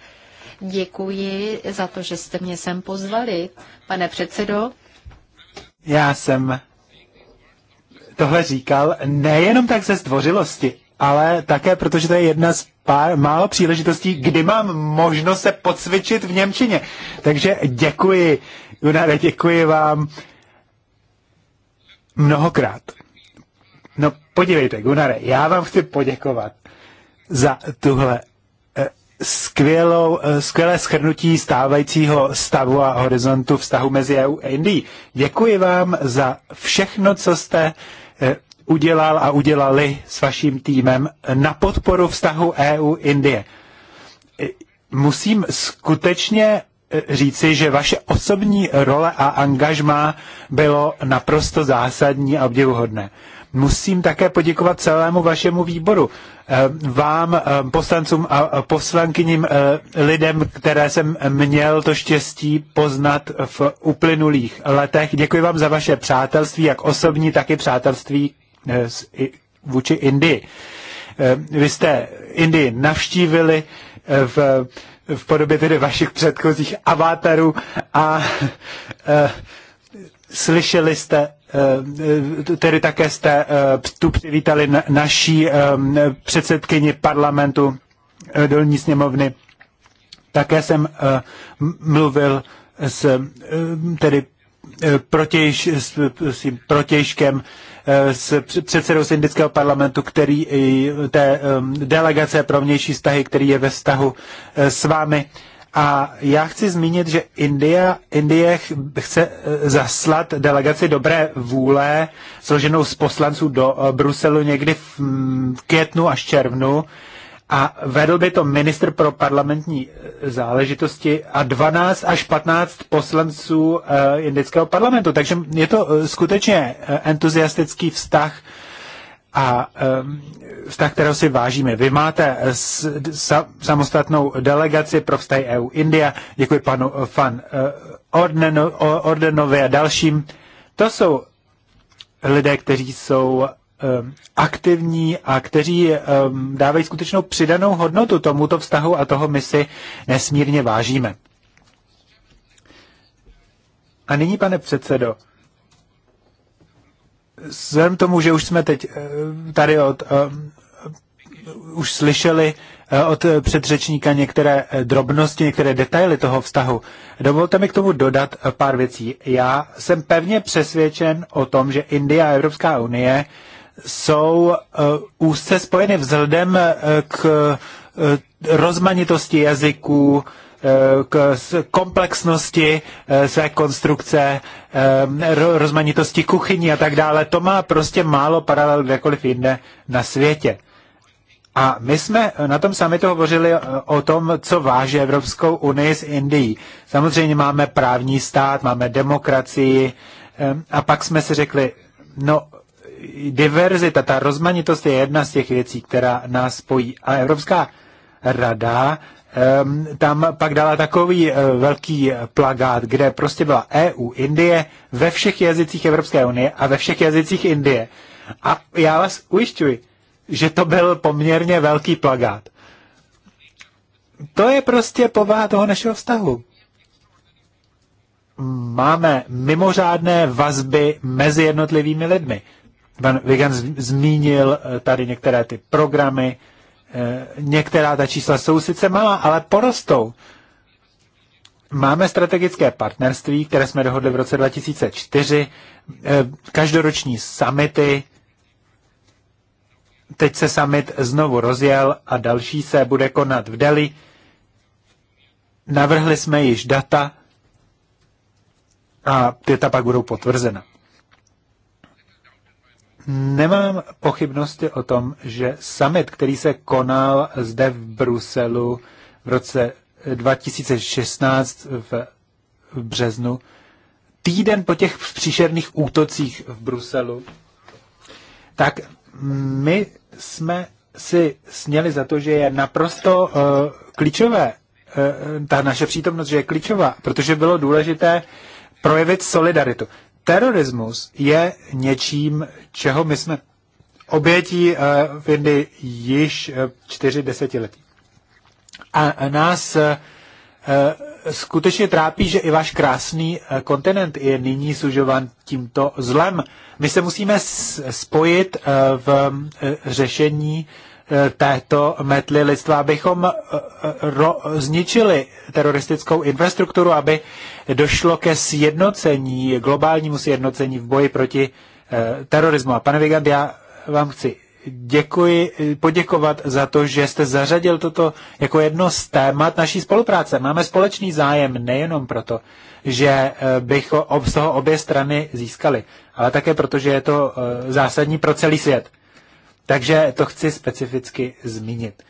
Děkuji za to, že jste mě sem pozvali. Pane předsedo. Já jsem tohle říkal nejenom tak ze zdvořilosti, ale také protože to je jedna z pár málo příležitostí, kdy mám možnost se podsvičit v Němčině. Takže děkuji, Junare, děkuji vám mnohokrát. No podívejte, Gunare, já vám chci poděkovat za tuhle eh, skvělou, eh, skvělé schrnutí stávajícího stavu a horizontu vztahu mezi EU a Indií. Děkuji vám za všechno, co jste uh, Eh, udělal a udělali s vaším týmem na podporu vztahu EU-Indie. Eh, musím skutečně eh, říci, že vaše osobní role a angažmá bylo naprosto zásadní a obdivuhodné musím také poděkovat celému vašemu výboru. Eh, vám, eh, poslancům a poslankyním, eh, lidem, které jsem měl to štěstí poznat v uplynulých letech. Děkuji vám za vaše přátelství, jak osobní, tak i přátelství vůči Indii. Vy jste Indii navštívili v, v podobě tedy vašich předchozích avatarů a slyšeli jste Eh, tedy také jste eh, tu přivítali naší ehm, předsedkyni parlamentu eh, dolní sněmovny. Také jsem mluvil s tedy protějš, s, s s předsedou syndického parlamentu, který té ehm, delegace pro vnější vztahy, který je ve vztahu s vámi. A já chci zmínit, že India, Indie chce eh, zaslat delegaci dobré vůle, složenou z poslanců do eh, Bruselu někdy mm, v květnu až červnu. A vedl by to ministr pro parlamentní eh, záležitosti a 12 až 15 poslanců indického parlamentu. Takže je to skutečně entuziastický vztah a vztah, kterého si vážíme. Vy máte samostatnou delegaci pro vztahy EU-India. Děkuji panu eh, Fan eh, Ordenovi a dalším. To jsou lidé, kteří jsou aktivní a kteří dávají skutečnou přidanou hodnotu tomuto vztahu a toho my si nesmírně vážíme. A nyní, pane předsedo, vzhledem tomu, že už jsme teď eh, tady od, uh, už slyšeli eh, od předřečníka některé drobnosti, některé detaily toho vztahu, dovolte mi k tomu dodat pár věcí. Já jsem pevně přesvědčen o tom, že Indie a Evropská unie jsou uh, úzce spojeny vzhledem k rozmanitosti jazyků, Eh, k komplexnosti eh, své konstrukce, eh, rozmanitosti kuchyní a tak dále. To má prostě málo paralel kdekoliv jinde na světě. A my jsme na tom samitu hovořili o tom, co váže Evropskou unii s Indií. Samozřejmě máme právní stát, máme demokracii a pak jsme si řekli, no diverzita, ta rozmanitost je jedna z těch věcí, která nás spojí. A Evropská rada Ehm, tam pak dala takový eh, velký eh, plagát, kde prostě byla EU, Indie ve všech jazycích Evropské unie a ve všech jazycích Indie. A já vás ujišťuji, že to byl poměrně velký plagát. To je prostě povaha toho našeho vztahu. Máme mimořádné vazby mezi jednotlivými lidmi. Pan Vigan zmínil eh, tady některé ty programy, Eh, některá ta čísla jsou sice malá, ale porostou. Máme strategické partnerství, které jsme dohodli v roce 2004, eh, každoroční samity, teď se summit znovu rozjel a další se bude konat v Deli. Navrhli jsme již data a ty ta pak budou potvrzena. Nemám pochybnosti o tom, že summit, který se konal zde v Bruselu v roce 2016 v březnu, týden po těch příšerných útocích v Bruselu, tak my jsme si sněli za to, že je naprosto uh, klíčové, uh, ta naše přítomnost, že je klíčová, protože bylo důležité projevit solidaritu terorismus je něčím, čeho my jsme obětí eh, v Indii již eh, čtyři desetiletí. A nás eh, skutečně trápí, že i váš krásný kontinent je nyní sužovan tímto zlem. My se musíme spojit v řešení této metly lidstva, abychom eh, eh, ro- zničili teroristickou infrastrukturu, aby došlo ke sjednocení, globálnímu sjednocení v boji proti eh, terorismu. A pane Vigand, já vám chci děkuji, poděkovat za to, že jste zařadil toto jako jedno z témat naší spolupráce. Máme společný zájem nejenom proto, že bych z toho obě strany získali, ale také proto, že je to zásadní pro celý svět. Takže to chci specificky zmínit.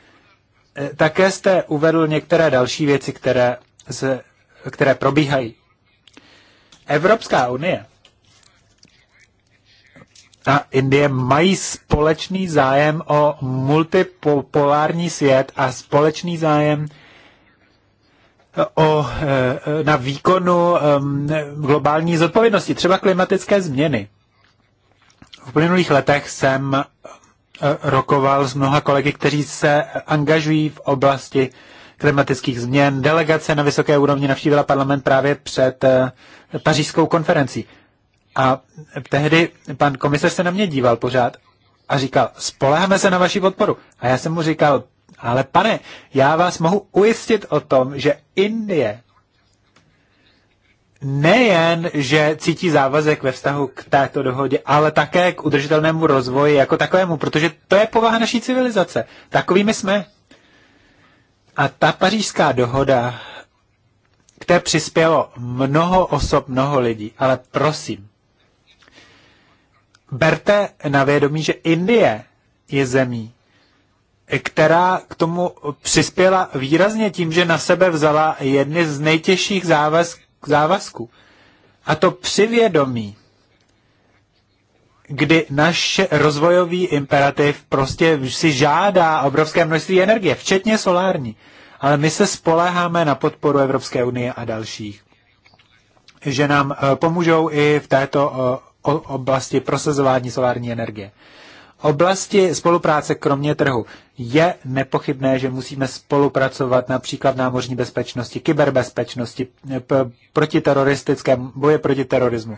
E, také jste uvedl některé další věci, které, se, které probíhají. Evropská unie a Indie mají společný zájem o multipolární svět a společný zájem e, o, e, na výkonu globální zodpovědnosti, třeba klimatické změny. V plynulých letech jsem Eh, rokoval s mnoha kolegy, kteří se angažují v oblasti klimatických změn. Delegace na vysoké úrovni navštívila parlament právě před eh, pařížskou konferencí. A tehdy pan komisař se na mě díval pořád a říkal, spoleháme se na vaši podporu. A já jsem mu říkal, ale pane, já vás mohu ujistit o tom, že Indie nejen, že cítí závazek ve vztahu k této dohodě, ale také k udržitelnému rozvoji jako takovému, protože to je povaha naší civilizace. Takovými jsme. A ta pařížská dohoda, k té přispělo mnoho osob, mnoho lidí, ale prosím, berte na vědomí, že Indie je zemí, která k tomu přispěla výrazně tím, že na sebe vzala jedny z nejtěžších závazků, k závazku A to přivědomí, kdy náš rozvojový imperativ prostě si žádá obrovské množství energie, včetně solární. Ale my se spoléháme na podporu Evropské unie a dalších, že nám eh, pomůžou i v této eh, oblasti prosazování solární energie oblasti spolupráce kromě trhu je nepochybné, že musíme spolupracovat například v námořní bezpečnosti, kyberbezpečnosti, protiteroristické boje proti terorismu.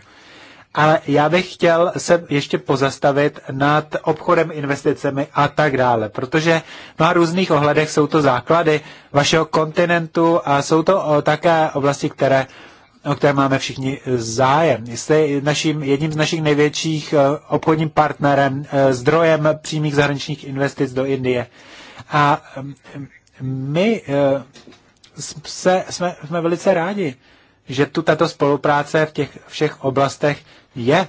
Ale já bych chtěl se ještě pozastavit nad obchodem, investicemi a tak dále, protože v mnoha různých ohledech jsou to základy vašeho kontinentu a jsou to také oblasti, které o které máme všichni zájem. Jste naším, jedním z našich největších eh, obchodním partnerem, eh, zdrojem přímých zahraničních investic do Indie. A mm, my eh, se, jsme, jsme velice rádi, že tu tato spolupráce v těch všech oblastech je.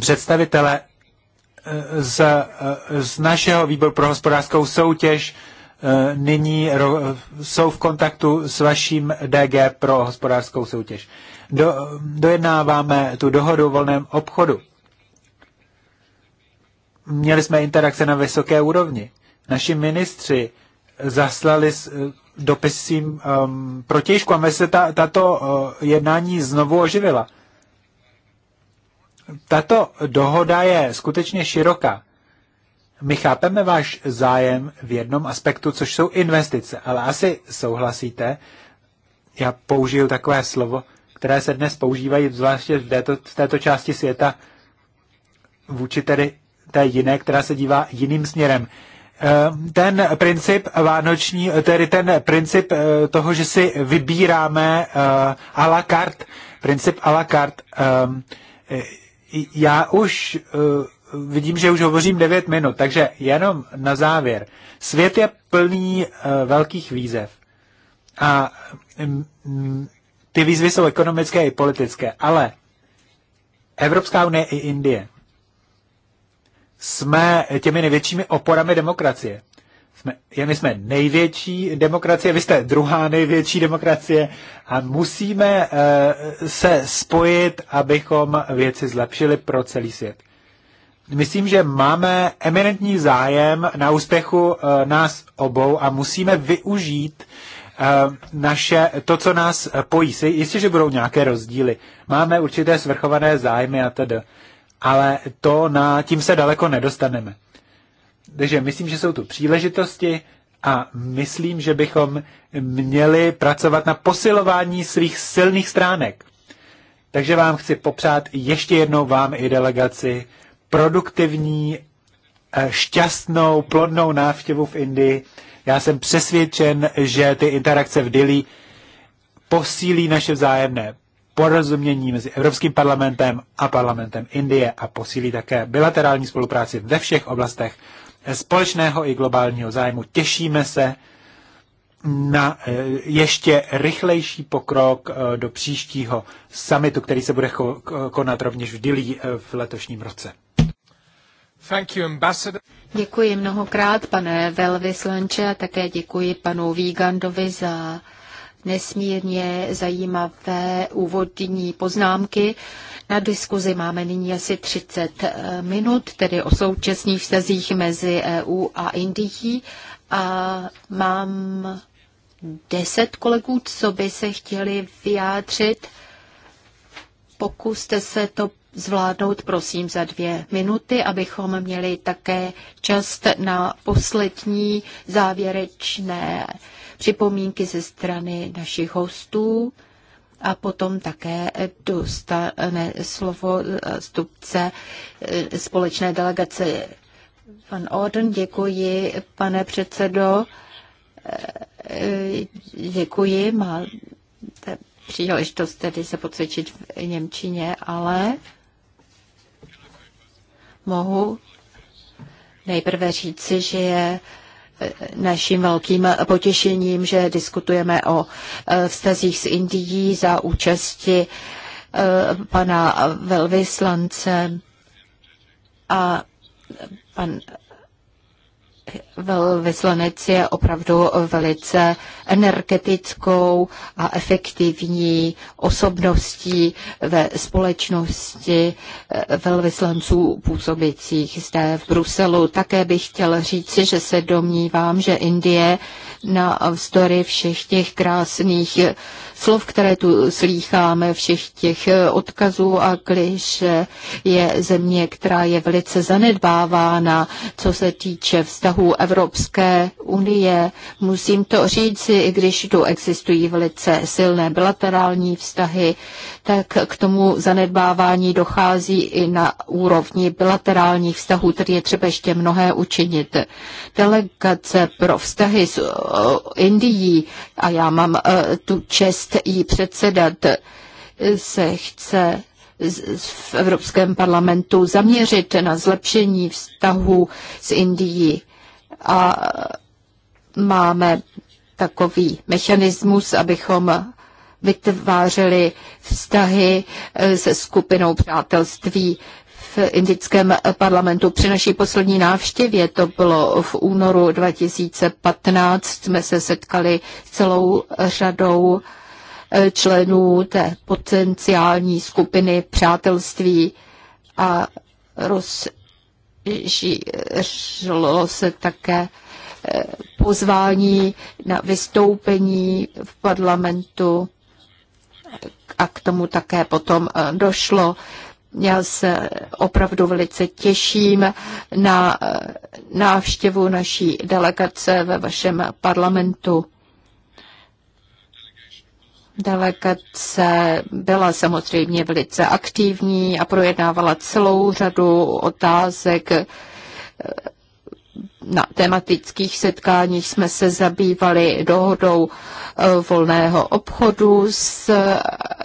Představitele z, z našeho výboru pro hospodářskou soutěž, Eh, nyní jsou v kontaktu s vaším DG pro hospodářskou soutěž. Do, dojednáváme tu dohodu o volném obchodu. Měli jsme interakce na vysoké úrovni. Naši ministři zaslali eh, dopis svým um, protějšku, aby se ta, tato uh, jednání znovu oživila. Tato dohoda je skutečně široká. My chápeme váš zájem v jednom aspektu, což jsou investice, ale asi souhlasíte, já použiju takové slovo, které se dnes používají zvláště v této, v této části světa vůči tedy té jiné, která se dívá jiným směrem. Ehm, ten princip vánoční, tedy ten princip eh, toho, že si vybíráme eh, a la carte, princip a la carte, ehm, eh, já už vidím, že už hovořím 9 minut, takže jenom na závěr. Svět je plný eh, velkých výzev. A mm, mm, ty výzvy jsou ekonomické i politické, ale Evropská unie i Indie jsme těmi největšími oporami demokracie. Jsme, je, my jsme největší demokracie, vy jste druhá největší demokracie a musíme uh, se spojit, abychom věci zlepšili pro celý svět myslím, že máme eminentní zájem na úspěchu eh, nás obou a musíme využít eh, naše, to, co nás eh, pojí. Jistě, že budou nějaké rozdíly. Máme určité svrchované zájmy a tedy. Ale to na, tím se daleko nedostaneme. Takže myslím, že jsou tu příležitosti a myslím, že bychom měli pracovat na posilování svých silných stránek. Takže vám chci popřát ještě jednou vám i delegaci produktivní, eh, šťastnou, plodnou návštěvu v Indii. Já jsem přesvědčen, že ty interakce v Dili posílí naše vzájemné porozumění mezi Evropským parlamentem a parlamentem Indie a posílí také bilaterální spolupráci ve všech oblastech společného i globálního zájmu. Těšíme se na eh, ještě rychlejší pokrok eh, do příštího summitu, který se bude konat rovněž v Dili eh, v letošním roce. Thank you, ambassador. Děkuji mnohokrát, pane velvyslanče, a také děkuji panu Vígandovi za nesmírně zajímavé úvodní poznámky. Na diskuzi máme nyní asi 30 minut, tedy o současných vztazích mezi EU a Indií. A mám deset kolegů, co by se chtěli vyjádřit. Pokuste se to zvládnout, prosím, za dvě minuty, abychom měli také čas na poslední závěrečné připomínky ze strany našich hostů a potom také dostane slovo stupce eh, společné delegace. Pan Orden, děkuji, pane předsedo. Eh, Eh, děkuji, máte příležitost tedy se pocvičit v Němčině, ale mohu nejprve říci, že je eh, naším velkým potěšením, že diskutujeme o eh, vztazích s Indií za účasti pana velvyslance a pan Velvyslanec je opravdu velice energetickou a efektivní osobností ve společnosti eh, velvyslanců působících zde v Bruselu. Také bych chtěl říci, že se domnívám, že Indie na vzdory všech těch krásných slov, které tu slýcháme, všech těch eh, odkazů a kliš je země, která je velice zanedbávána, co se týče vztahu vztahů Evropské unie. Musím to říci, i když tu existují velice silné bilaterální vztahy, tak k tomu zanedbávání dochází i na úrovni bilaterálních vztahů, tedy je třeba ještě mnohé učinit. Delegace pro vztahy s eh, Indií, a já mám eh, tu čest jí předsedat, se chce v Evropském parlamentu zaměřit na zlepšení vztahu s Indií a máme takový mechanismus, abychom vytvářeli vztahy eh, se skupinou přátelství v indickém parlamentu. Při naší poslední návštěvě, to bylo v únoru 2015, jsme se setkali s celou řadou eh, členů té potenciální skupiny přátelství a roz šlo se také eh, pozvání na vystoupení v parlamentu a k tomu také potom eh, došlo. Já se opravdu velice těším na eh, návštěvu naší delegace ve vašem parlamentu. Delegace byla samozřejmě velice aktivní a projednávala celou řadu otázek. Na tematických setkáních jsme se zabývali dohodou eh, volného obchodu s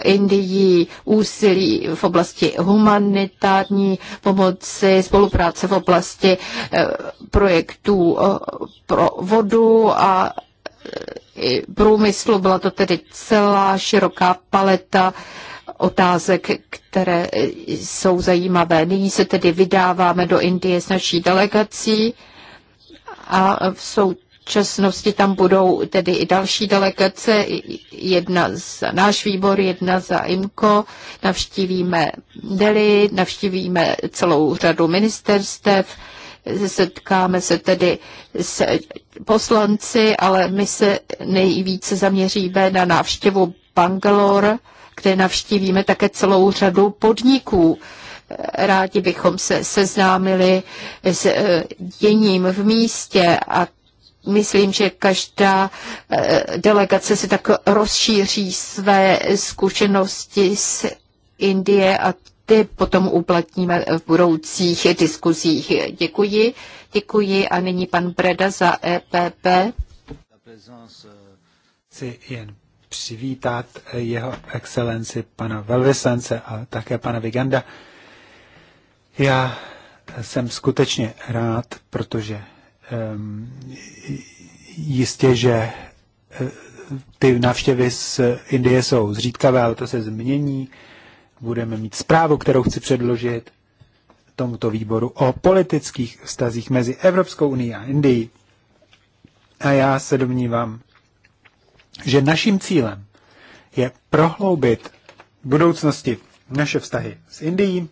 Indií, úsilí v oblasti humanitární pomoci, spolupráce v oblasti eh, projektů eh, pro vodu a průmyslu. Byla to tedy celá široká paleta otázek, které jsou zajímavé. Nyní se tedy vydáváme do Indie s naší delegací a v současnosti tam budou tedy i další delegace, jedna za náš výbor, jedna za IMCO, navštívíme Delhi, navštívíme celou řadu ministerstev, Setkáme se tedy s poslanci, ale my se nejvíce zaměříme na návštěvu Bangalore, kde navštívíme také celou řadu podniků. Rádi bychom se seznámili s eh, děním v místě a myslím, že každá eh, delegace si tak rozšíří své zkušenosti s Indie a ty potom uplatníme v budoucích diskuzích. Děkuji. Děkuji a nyní pan Breda za EPP. Chci jen přivítat jeho excelenci pana velvyslance a také pana Viganda. Já jsem skutečně rád, protože um, jistě, že e, ty návštěvy z Indie jsou zřídkavé, ale to se změní. Uh, budeme mít zprávu, kterou chci předložit tomuto výboru o politických vztazích mezi Evropskou unii a Indií. A já se domnívám, že naším cílem je prohloubit v budoucnosti naše vztahy s Indií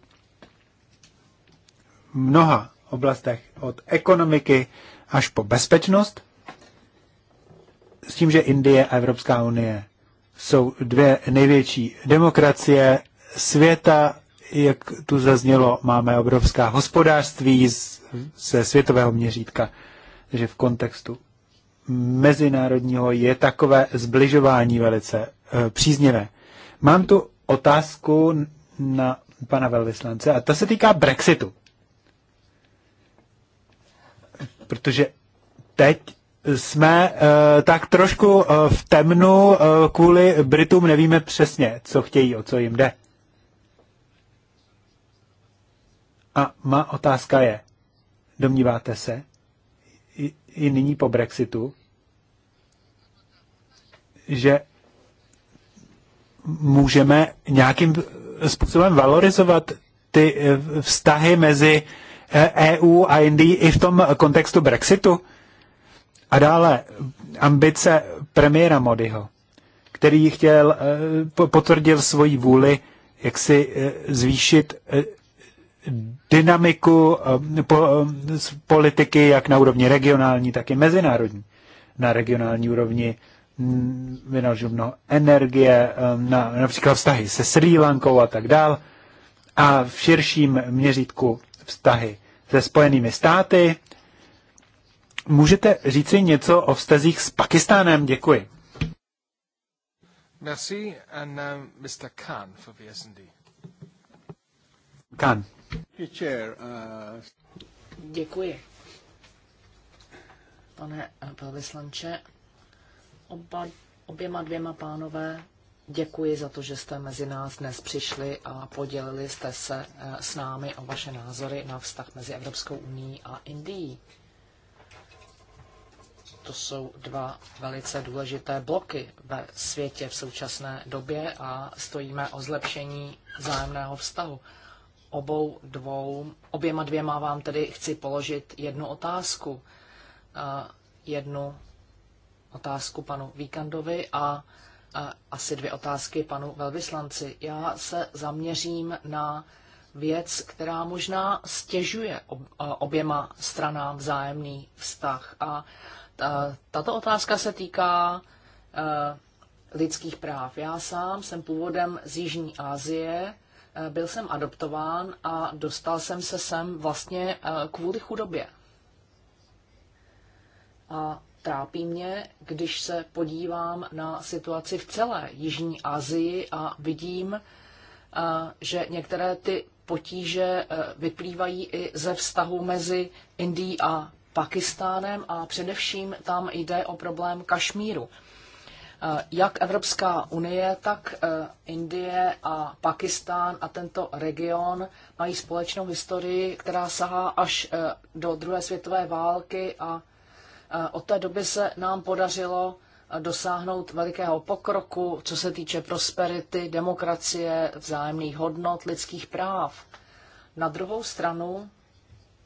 v mnoha oblastech od ekonomiky až po bezpečnost, s tím, že Indie a Evropská unie jsou dvě největší demokracie světa, jak tu zaznělo, máme obrovská hospodářství ze světového měřítka, že v kontextu mezinárodního je takové zbližování velice eh, příznivé. Mám tu otázku na pana velvyslance a ta se týká Brexitu. Protože teď jsme uh, tak trošku uh, v temnu uh, kvůli Britům nevíme přesně, co chtějí, o co jim jde. A má otázka je, domníváte se, i, i nyní po Brexitu, že můžeme nějakým způsobem valorizovat ty eh, vztahy mezi EU eh, e a Indií i v tom kontextu Brexitu. A dále ambice premiéra Modiho, který chtěl, eh, potvrdil svoji vůli, jak si zvýšit dynamiku eh, po, eh, politiky jak na úrovni regionální, tak i mezinárodní. Na regionální úrovni mm, vynaložil mnoho energie, eh, na, například vztahy se Sri Lankou a tak dál. A v širším měřítku vztahy se Spojenými státy. Můžete říci něco o vztazích s Pakistánem? Děkuji. Merci. And uh, Mr. Khan for the S&D. Khan. Děkuji. Pane velvyslanče, oba, oběma dvěma pánové děkuji za to, že jste mezi nás dnes přišli a podělili jste se eh, s námi o vaše názory na vztah mezi Evropskou unii a Indií. To jsou dva velice důležité bloky ve světě v současné době a stojíme o zlepšení zájemného vztahu obou dvou, oběma dvěma vám tedy chci položit jednu otázku. Jednu otázku panu Víkandovi a asi dvě otázky panu velvyslanci. Já se zaměřím na věc, která možná stěžuje oběma stranám vzájemný vztah. A tato otázka se týká lidských práv. Já sám jsem původem z Jižní Asie Eh, byl jsem adoptován a dostal jsem se sem vlastně eh, kvůli chudobě. A trápí mě, když se podívám na situaci v celé Jižní Asii a vidím, eh, že některé ty potíže vyplývají i ze vztahu mezi Indií a Pakistánem a především tam jde o problém Kašmíru. Eh, jak Evropská unie, tak eh, Indie a Pakistán a tento region mají společnou historii, která sahá až eh, do druhé světové války a od té doby se nám podařilo dosáhnout velikého pokroku, co se týče prosperity, demokracie, vzájemných hodnot, lidských práv. Na druhou stranu,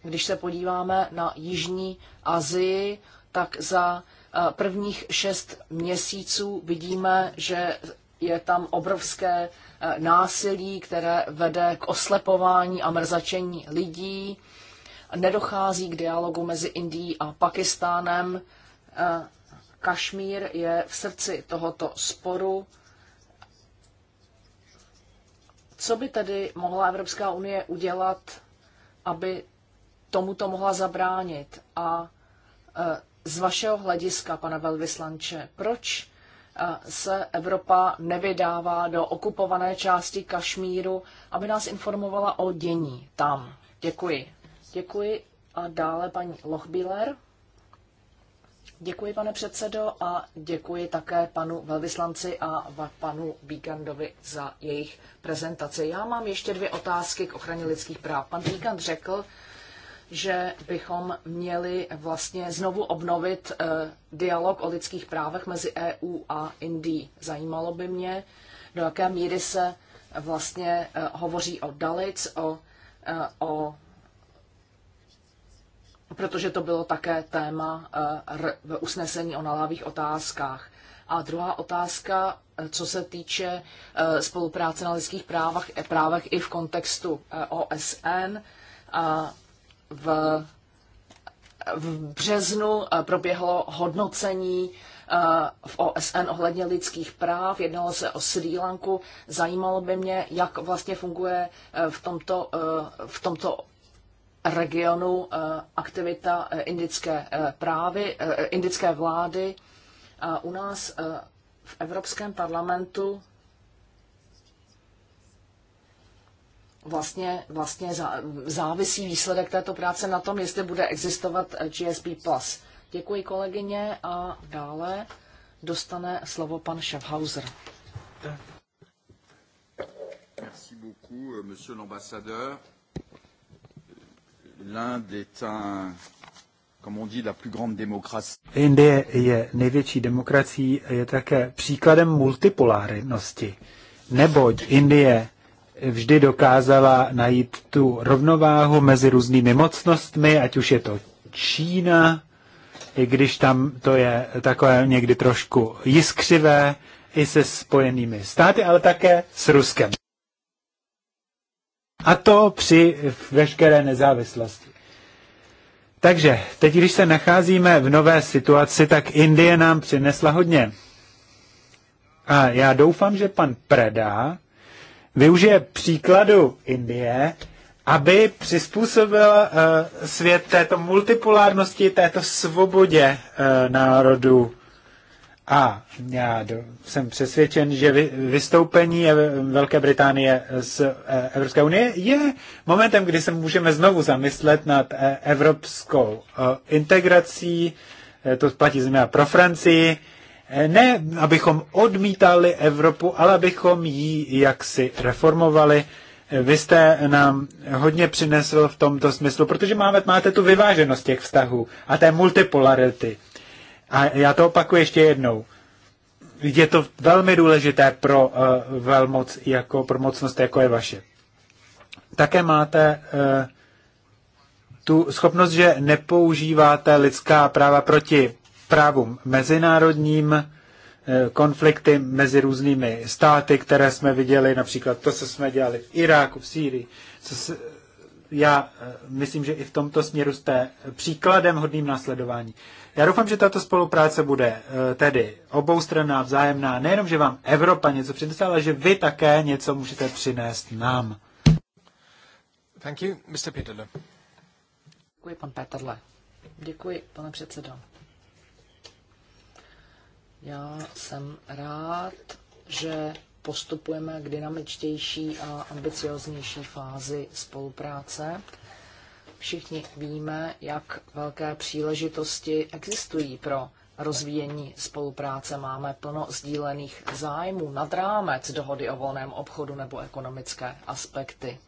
když se podíváme na Jižní Asii, tak za prvních šest měsíců vidíme, že je tam obrovské e, násilí, které vede k oslepování a mrzačení lidí. Nedochází k dialogu mezi Indií a Pakistánem. E, Kašmír je v srdci tohoto sporu. Co by tedy mohla Evropská unie udělat, aby tomuto mohla zabránit? A e, z vašeho hlediska, pane velvyslanče, proč eh, se Evropa nevydává do okupované části Kašmíru, aby nás informovala o dění tam? Děkuji. Děkuji. A dále paní Lochbiller. Děkuji, pane předsedo, a děkuji také panu velvyslanci a panu Víkandovi za jejich prezentaci. Já mám ještě dvě otázky k ochraně lidských práv. Pan Víkand řekl, že bychom měli vlastně znovu obnovit eh, dialog o lidských právech mezi EU a Indií. Zajímalo by mě, do jaké míry se vlastně eh, hovoří o Dalic, o, eh, o protože to bylo také téma v usnesení o nalávých otázkách. A druhá otázka, co se týče spolupráce na lidských právech, právech i v kontextu OSN. A v, v březnu eh, proběhlo hodnocení eh, v OSN ohledně lidských práv, jednalo se o Sri Lanku. Zajímalo by mě, jak vlastně funguje eh, v tomto, v tomto regionu aktivita indické právy, indické vlády. U nás v Evropském parlamentu vlastně, vlastně závisí výsledek této práce na tom, jestli bude existovat eh, GSP+. Děkuji kolegyně a dále dostane slovo pan Schaffhauser. Merci beaucoup, euh, monsieur l'ambassadeur. L'Inde est un, comme on dit, la plus grande démocratie. Indie je největší demokracií, je také příkladem multipolárnosti, neboť Indie vždy dokázala najít tu rovnováhu mezi různými mocnostmi, ať už je to Čína, i když tam to je takové někdy trošku jiskřivé, i se spojenými státy, ale také s Ruskem. A to při veškeré nezávislosti. Takže teď, když se nacházíme v nové situaci, tak Indie nám přinesla hodně. A já doufám, že pan Preda využije příkladu Indie, aby přizpůsobil uh, svět této multipolárnosti, této svobodě uh, eh, národů. A já do, jsem přesvědčen, že vy, vystoupení Velké Británie z uh, Evropské unie je momentem, kdy se můžeme znovu zamyslet nad uh, evropskou uh, integrací. Uh, to platí zejména pro Francii. Uh, ne, abychom odmítali Evropu, ale abychom ji jaksi reformovali. Vy jste nám hodně přinesl v tomto smyslu, protože máme, máte tu vyváženost těch vztahů a té multipolarity. A já to opakuji ještě jednou. Je to velmi důležité pro uh, velmoc, jako pro mocnost, jako je vaše. Také máte uh, tu schopnost, že nepoužíváte lidská práva proti právům mezinárodním, eh, konflikty mezi různými státy, které jsme viděli, například to, co jsme dělali v Iráku, v Sýrii. Co se, já eh, myslím, že i v tomto směru jste příkladem hodným následování. Já doufám, že tato spolupráce bude eh, tedy oboustranná, vzájemná, nejenom, že vám Evropa něco přinese, ale že vy také něco můžete přinést nám. Thank you, Mr. Peterle. Děkuji, pan Peterle. Děkuji, pane předsedo. Já jsem rád, že postupujeme k dynamičtější a ambicioznější fázi spolupráce. Všichni víme, jak velké příležitosti existují pro rozvíjení spolupráce. Máme plno sdílených zájmů nad rámec dohody o volném obchodu nebo ekonomické aspekty.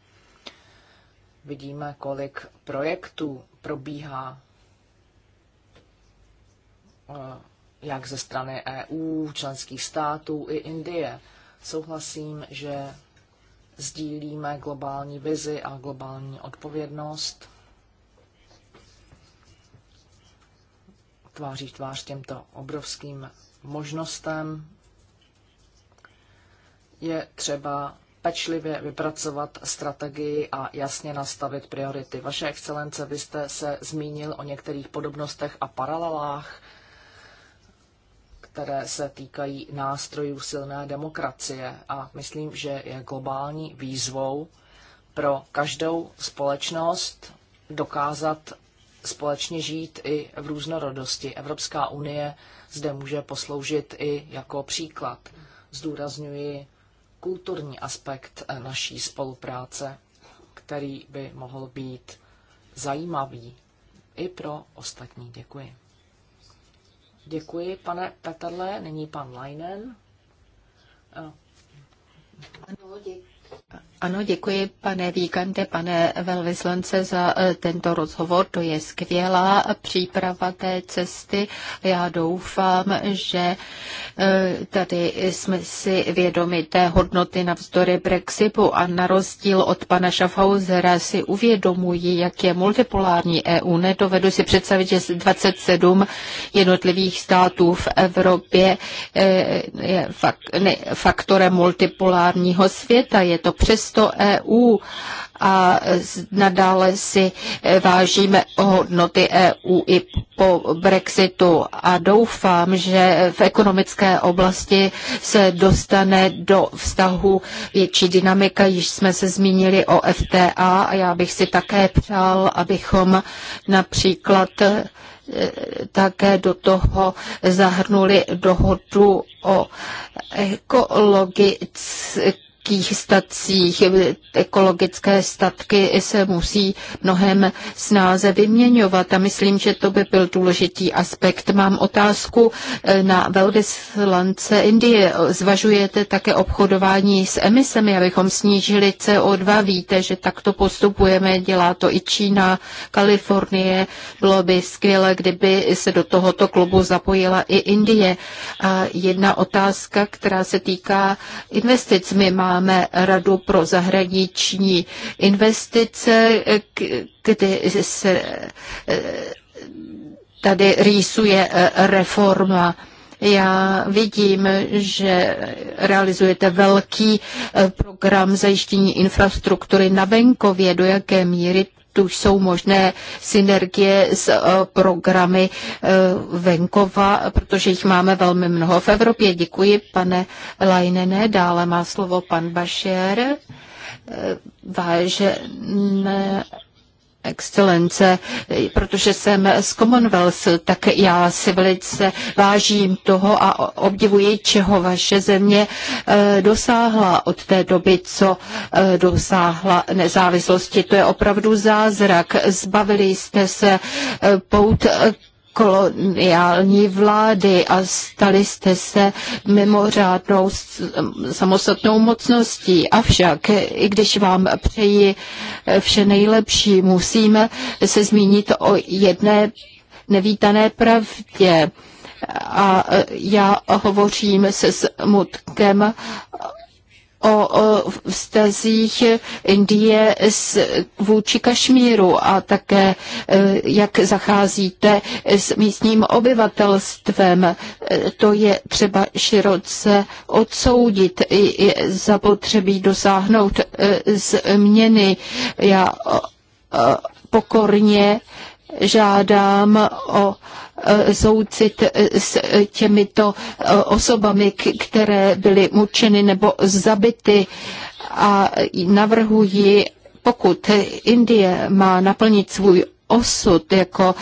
Vidíme, kolik projektů probíhá eh, jak ze strany EU, členských států i Indie. Souhlasím, že sdílíme globální vizi a globální odpovědnost tváří v tvář těmto obrovským možnostem. Je třeba pečlivě vypracovat strategii a jasně nastavit priority. Vaše excelence, vy jste se zmínil o některých podobnostech a paralelách které se týkají nástrojů silné demokracie a myslím, že je globální výzvou pro každou společnost dokázat společně žít i v různorodosti. Evropská unie zde může posloužit i jako příklad. Zdůrazňuji kulturní aspekt naší spolupráce, který by mohl být zajímavý i pro ostatní. Děkuji. Děkuji, pane Petrle. Nyní pan Leinen. Ano, děkuji. Ano, děkuji pane Víkante, pane velvyslance za eh, tento rozhovor. To je skvělá příprava té cesty. Já doufám, že eh, tady jsme si vědomi té hodnoty navzdory Brexitu a na rozdíl od pana Schaffhausera si uvědomuji, jak je multipolární EU. Nedovedu si představit, že 27 jednotlivých států v Evropě eh, je faktorem multipolárního světa. Je to přes 100 EU a nadále si eh, vážíme hodnoty EU i po Brexitu a doufám, že v ekonomické oblasti se dostane do vztahu větší dynamika. Již jsme se zmínili o FTA a já bych si také přál, abychom například eh, také do toho zahrnuli dohodu o ekologické ekologických statcích, Ekologické statky se musí mnohem snáze vyměňovat a myslím, že to by byl důležitý aspekt. Mám otázku eh, na velvyslance Indie. Zvažujete také obchodování s emisemi, abychom snížili CO2? Víte, že takto postupujeme, dělá to i Čína, Kalifornie. Bylo by skvělé, kdyby se do tohoto klubu zapojila i Indie. A jedna otázka, která se týká investic. My máme máme Radu pro zahraniční investice, kdy se eh, tady rýsuje eh, reforma. Já vidím, že realizujete velký eh, program zajištění infrastruktury na venkově. Do jaké míry tu jsou možné synergie s eh, programy eh, venkova, protože jich máme velmi mnoho v Evropě. Děkuji, pane Lajnene. Dále má slovo pan Bašer. Eh, vážené excelence, protože jsem z Commonwealth, tak já si velice vážím toho a obdivuji, čeho vaše země eh, dosáhla od té doby, co eh, dosáhla nezávislosti. To je opravdu zázrak. Zbavili jste se eh, pout koloniální vlády a stali jste se mimořádnou samostatnou mocností. Avšak, i když vám přeji vše nejlepší, musíme se zmínit o jedné nevítané pravdě. A já hovořím se smutkem o vztazích Indie s, vůči Kašmíru a také e, jak zacházíte s místním obyvatelstvem. E, to je třeba široce odsoudit. i zapotřebí dosáhnout e, změny. Já pokorně žádám o e, soucit e, s e, těmito osobami, které byly mučeny nebo zabity a navrhuji, pokud Indie má naplnit svůj osud jako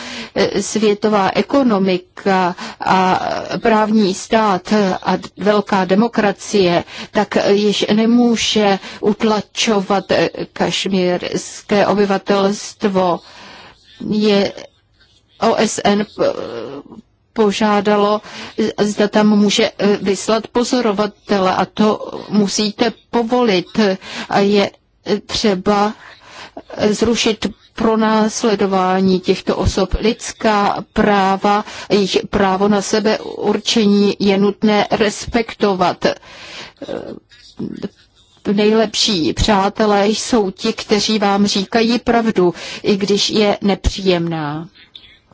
světová ekonomika a právní stát a velká demokracie, tak již nemůže utlačovat kašmírské obyvatelstvo je OSN požádalo, zda tam může e, vyslat pozorovatele a to musíte povolit a je e, třeba e, zrušit pro následování těchto osob lidská práva, jejich právo na sebe určení je nutné respektovat nejlepší přátelé jsou ti, kteří vám říkají pravdu, i když je nepříjemná.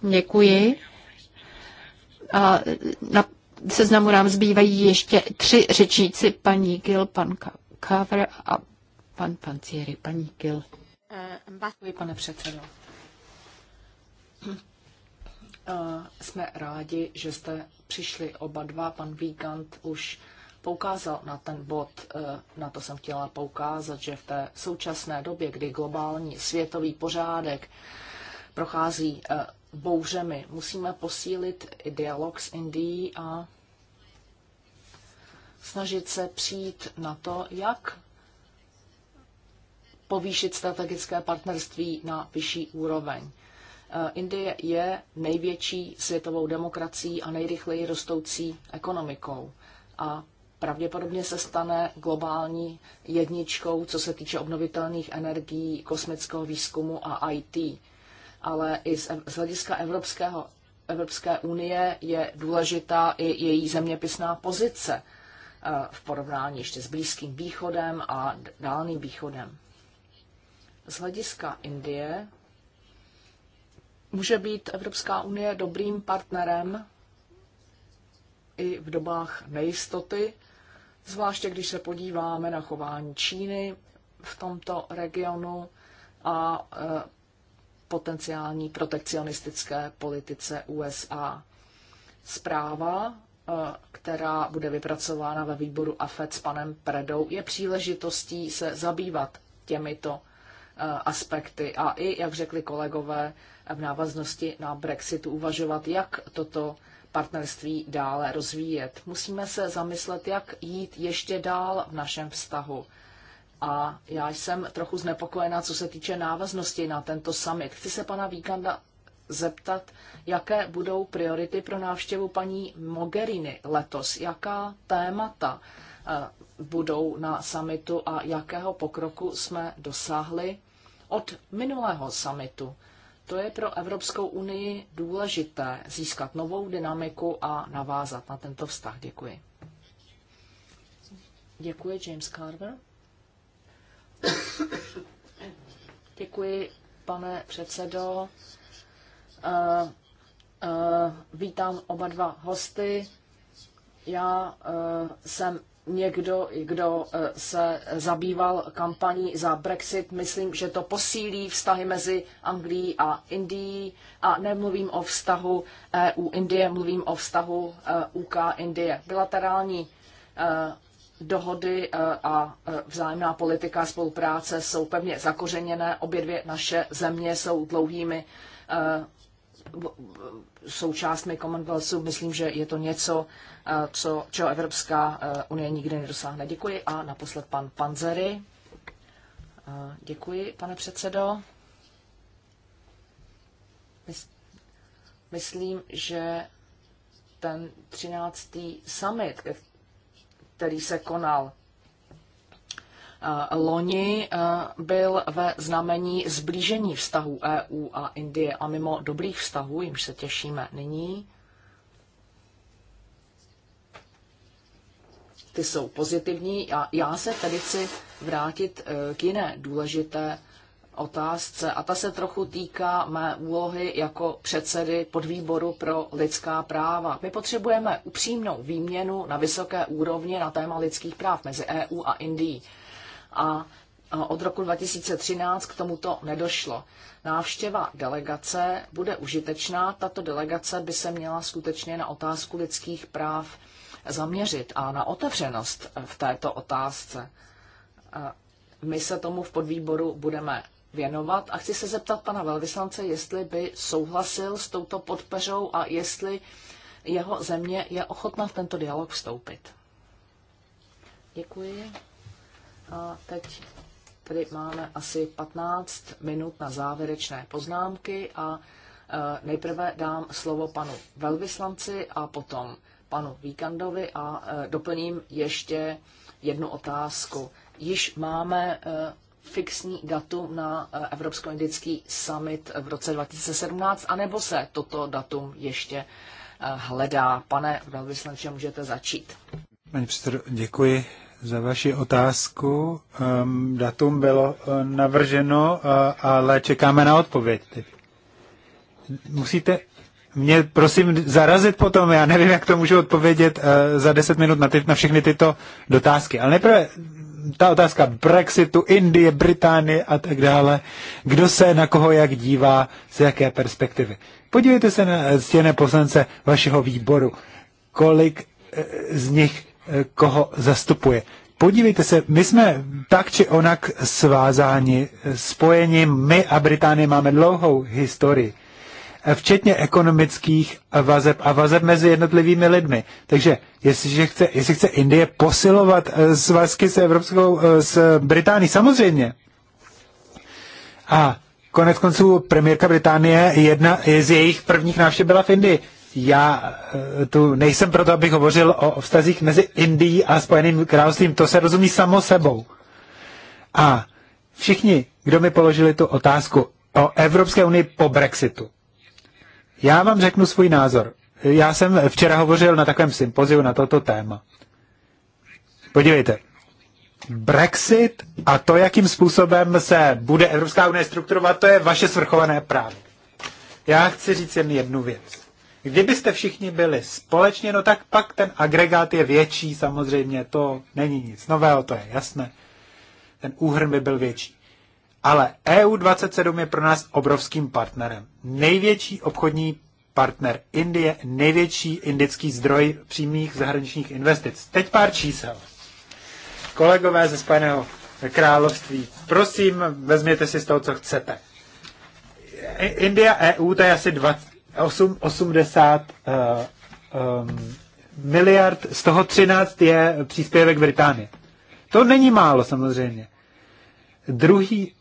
Děkuji. A na seznamu nám zbývají ještě tři řečníci, paní Gil, pan Kaver a pan Pancieri, paní Gil. Děkuji, pane předsedo. Jsme rádi, že jste přišli oba dva. Pan Vígant už poukázal na ten bod, eh, na to jsem chtěla poukázat, že v té současné době, kdy globální světový pořádek prochází eh, bouřemi, musíme posílit dialog s Indií a snažit se přijít na to, jak povýšit strategické partnerství na vyšší úroveň. Eh, Indie je největší světovou demokracií a nejrychleji rostoucí ekonomikou. A pravděpodobně se stane globální jedničkou, co se týče obnovitelných energií, kosmického výzkumu a IT. Ale i z, z hlediska Evropského, Evropské unie je důležitá i její zeměpisná pozice eh, v porovnání ještě s Blízkým východem a Dálným východem. Z hlediska Indie může být Evropská unie dobrým partnerem i v dobách nejistoty, zvláště když se podíváme na chování Číny v tomto regionu a e, potenciální protekcionistické politice USA. Zpráva, e, která bude vypracována ve výboru AFED s panem Predou, je příležitostí se zabývat těmito e, aspekty a i, jak řekli kolegové, v návaznosti na Brexitu uvažovat, jak toto partnerství dále rozvíjet. Musíme se zamyslet, jak jít ještě dál v našem vztahu. A já jsem trochu znepokojená, co se týče návaznosti na tento summit. Chci se pana Víkanda zeptat, jaké budou priority pro návštěvu paní Mogherini letos, jaká témata eh, budou na summitu a jakého pokroku jsme dosáhli od minulého summitu. To je pro Evropskou unii důležité získat novou dynamiku a navázat na tento vztah. Děkuji. Děkuji, James Carver. Děkuji, pane předsedo. Uh, uh, vítám oba dva hosty. Já uh, jsem někdo, kdo eh, se zabýval kampaní za Brexit, myslím, že to posílí vztahy mezi Anglií a Indií a nemluvím o vztahu EU-Indie, mluvím o vztahu eh, UK-Indie. Bilaterální eh, dohody a vzájemná politika spolupráce jsou pevně zakořeněné. Obě dvě naše země jsou dlouhými součástmi Commonwealthu. Myslím, že je to něco, eh, co, čeho Evropská eh, unie nikdy nedosáhne. Děkuji a naposled pan Panzery. Eh, děkuji, pane předsedo. Myslím, že ten 13. summit, který se konal Eh, loni eh, byl ve znamení zblížení vztahů EU a Indie a mimo dobrých vztahů, jimž se těšíme nyní, ty jsou pozitivní a já se tedy chci vrátit eh, k jiné důležité otázce a ta se trochu týká mé úlohy jako předsedy podvýboru pro lidská práva. My potřebujeme upřímnou výměnu na vysoké úrovni na téma lidských práv mezi EU a Indií a od roku 2013 k tomuto nedošlo. Návštěva delegace bude užitečná. Tato delegace by se měla skutečně na otázku lidských práv zaměřit a na otevřenost v této otázce. My se tomu v podvýboru budeme věnovat a chci se zeptat pana velvyslance, jestli by souhlasil s touto podpeřou a jestli jeho země je ochotná v tento dialog vstoupit. Děkuji. A teď tady máme asi 15 minut na závěrečné poznámky a e, nejprve dám slovo panu velvyslanci a potom panu Víkandovi a e, doplním ještě jednu otázku. Již máme e, fixní datum na Evropsko-indický summit v roce 2017, anebo se toto datum ještě hledá? Pane velvyslanče, můžete začít. Paní předsedo, děkuji za vaši otázku. Ehm, datum bylo eh, navrženo, eh, ale čekáme na odpověď. Musíte mě prosím zarazit potom, já nevím, jak to můžu odpovědět eh, za 10 minut na, ty, na všechny tyto dotázky. Ale nejprve ta otázka Brexitu, Indie, Británie a tak dále. Kdo se na koho jak dívá, z jaké perspektivy. Podívejte se na stěné poslance vašeho výboru. Kolik z nich koho zastupuje. Podívejte se, my jsme tak či onak svázáni, spojeni, my a Británie máme dlouhou historii, včetně ekonomických vazeb a vazeb mezi jednotlivými lidmi. Takže jestliže chce, jestli chce Indie posilovat eh, svazky s Evropskou, eh, s Británií, samozřejmě. A konec konců premiérka Británie, jedna z jejich prvních návštěv byla v Indii já eh, tu nejsem proto, abych hovořil o vztazích mezi Indií a Spojeným královstvím. To se rozumí samo sebou. A všichni, kdo mi položili tu otázku o Evropské unii po Brexitu, já vám řeknu svůj názor. Já jsem včera hovořil na takovém sympoziu na toto téma. Podívejte, Brexit a to, jakým způsobem se bude Evropská unie strukturovat, to je vaše svrchované právo. Já chci říct jen jednu věc. Kdybyste všichni byli společně, no tak pak ten agregát je větší, samozřejmě to není nic nového, to je jasné. Ten úhrn by byl větší. Ale EU27 je pro nás obrovským partnerem. Největší obchodní partner Indie, největší indický zdroj přímých zahraničních investic. Teď pár čísel. Kolegové ze Spojeného království, prosím, vezměte si z toho, co chcete. India EU to je asi 20, 8, 80 uh, um, miliard, z toho 13 je příspěvek Británie. To není málo samozřejmě. Druhý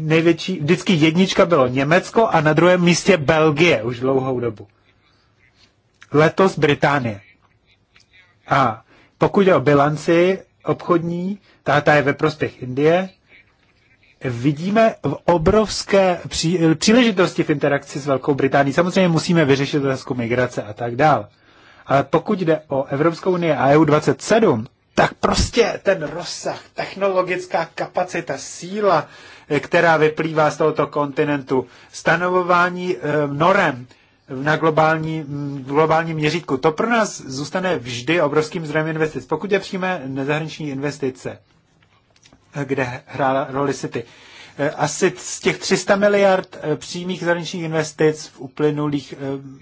největší, vždycky jednička bylo Německo a na druhém místě Belgie už dlouhou dobu. Letos Británie. A pokud je o bilanci obchodní, ta, je ve prospěch Indie, vidíme v obrovské pří, příležitosti v interakci s Velkou Británií. Samozřejmě musíme vyřešit otázku migrace a tak dál. Ale pokud jde o Evropskou unii a EU 27, tak prostě ten rozsah, technologická kapacita, síla, eh, která vyplývá z tohoto kontinentu, stanovování eh, norem na globální, mm, globální měřítku, to pro nás zůstane vždy obrovským zdrojem investic, pokud je přijme nezahraniční investice kde hrála roli City. Eh, asi z těch 300 miliard eh, přímých zahraničních investic v uplynulých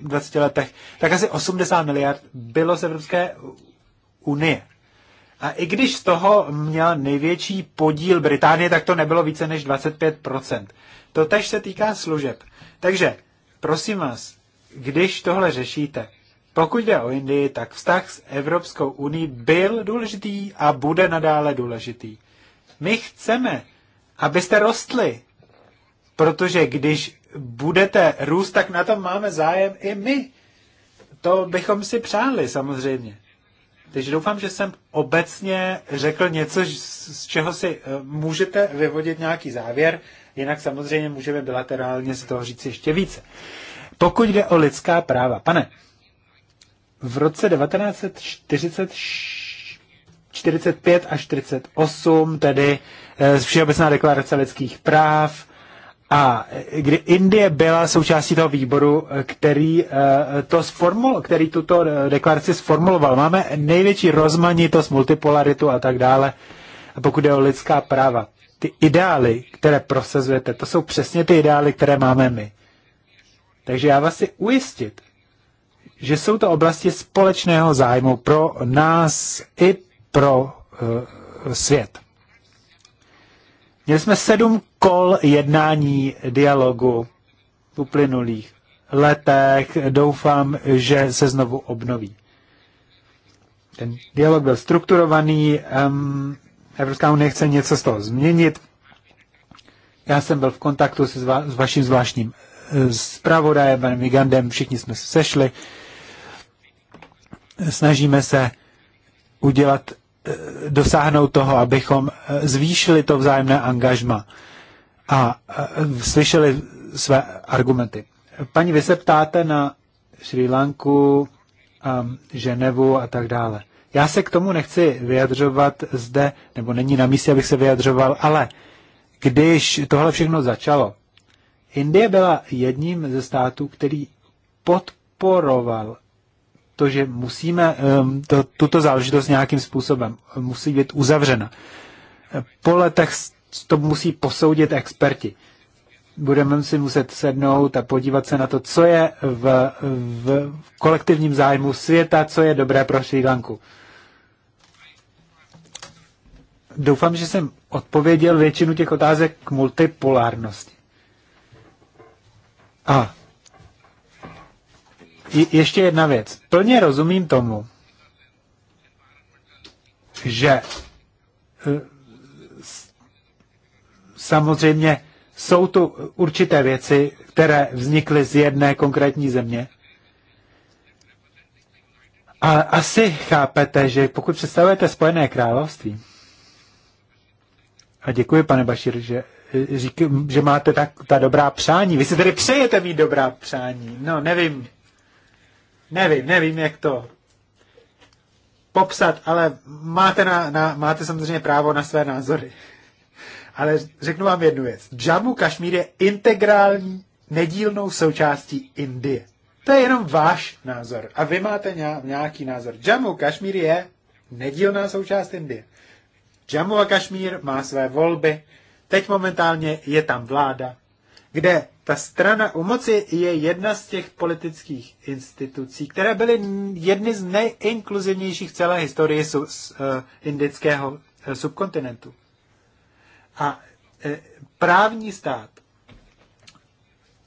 20 eh, letech, tak asi 80 miliard bylo z Evropské unie. A i když z toho měl největší podíl Británie, tak to nebylo více než 25%. To tež se týká služeb. Takže, prosím vás, když tohle řešíte, pokud jde o Indii, tak vztah s Evropskou unii byl důležitý a bude nadále důležitý. My chceme, abyste rostli, protože když budete růst, tak na tom máme zájem i my. To bychom si přáli samozřejmě. Takže doufám, že jsem obecně řekl něco, z čeho si eh, můžete vyvodit nějaký závěr, jinak samozřejmě můžeme bilaterálně z toho říct ještě více. Pokud jde o lidská práva, pane, v roce 1946 45 a 48, tedy eh, Všeobecná deklarace lidských práv, a kdy Indie byla součástí toho výboru, eh, který, eh, to sformul, který tuto deklaraci sformuloval. Máme největší rozmanitost, multipolaritu a tak dále, pokud je o lidská práva. Ty ideály, které prosazujete, to jsou přesně ty ideály, které máme my. Takže já vás si ujistit, že jsou to oblasti společného zájmu pro nás i pro eh, svět. Měli jsme sedm kol jednání dialogu v uplynulých letech. Doufám, že se znovu obnoví. Ten dialog byl strukturovaný, um, Evropská unie chce něco z toho změnit. Já jsem byl v kontaktu se zva, s vaším zvláštním eh, zpravodajem, panem Vigandem, všichni jsme se sešli. Snažíme se udělat dosáhnout toho, abychom eh, zvýšili to vzájemné angažma a eh, slyšeli své argumenty. Paní, vy se ptáte na Sri Lanku, ehm, Ženevu a tak dále. Já se k tomu nechci vyjadřovat zde, nebo není na místě, abych se vyjadřoval, ale když tohle všechno začalo, Indie byla jedním ze států, který podporoval to, že musíme, to, tuto záležitost nějakým způsobem musí být uzavřena. Po letech to musí posoudit experti. Budeme si muset sednout a podívat se na to, co je v, v kolektivním zájmu světa, co je dobré pro Sri Lanku. Doufám, že jsem odpověděl většinu těch otázek k multipolárnosti. A je, ještě jedna věc. Plně rozumím tomu, že e, samozřejmě jsou tu určité věci, které vznikly z jedné konkrétní země. A asi chápete, že pokud představujete Spojené království, a děkuji, pane Bašir, že, e, řík, že máte tak ta dobrá přání. Vy si tedy přejete mít dobrá přání. No, nevím, Nevím, nevím, jak to popsat, ale máte, na, na, máte samozřejmě právo na své názory. Ale řeknu vám jednu věc. Jammu Kašmír je integrální, nedílnou součástí Indie. To je jenom váš názor. A vy máte nějaký názor. Jammu Kašmír je nedílná součást Indie. Jammu a Kašmír má své volby. Teď momentálně je tam vláda, kde ta strana u moci je jedna z těch politických institucí, které byly jedny z nejinkluzivnějších v celé historii z, uh, eh, indického eh, subkontinentu. A uh, právní stát,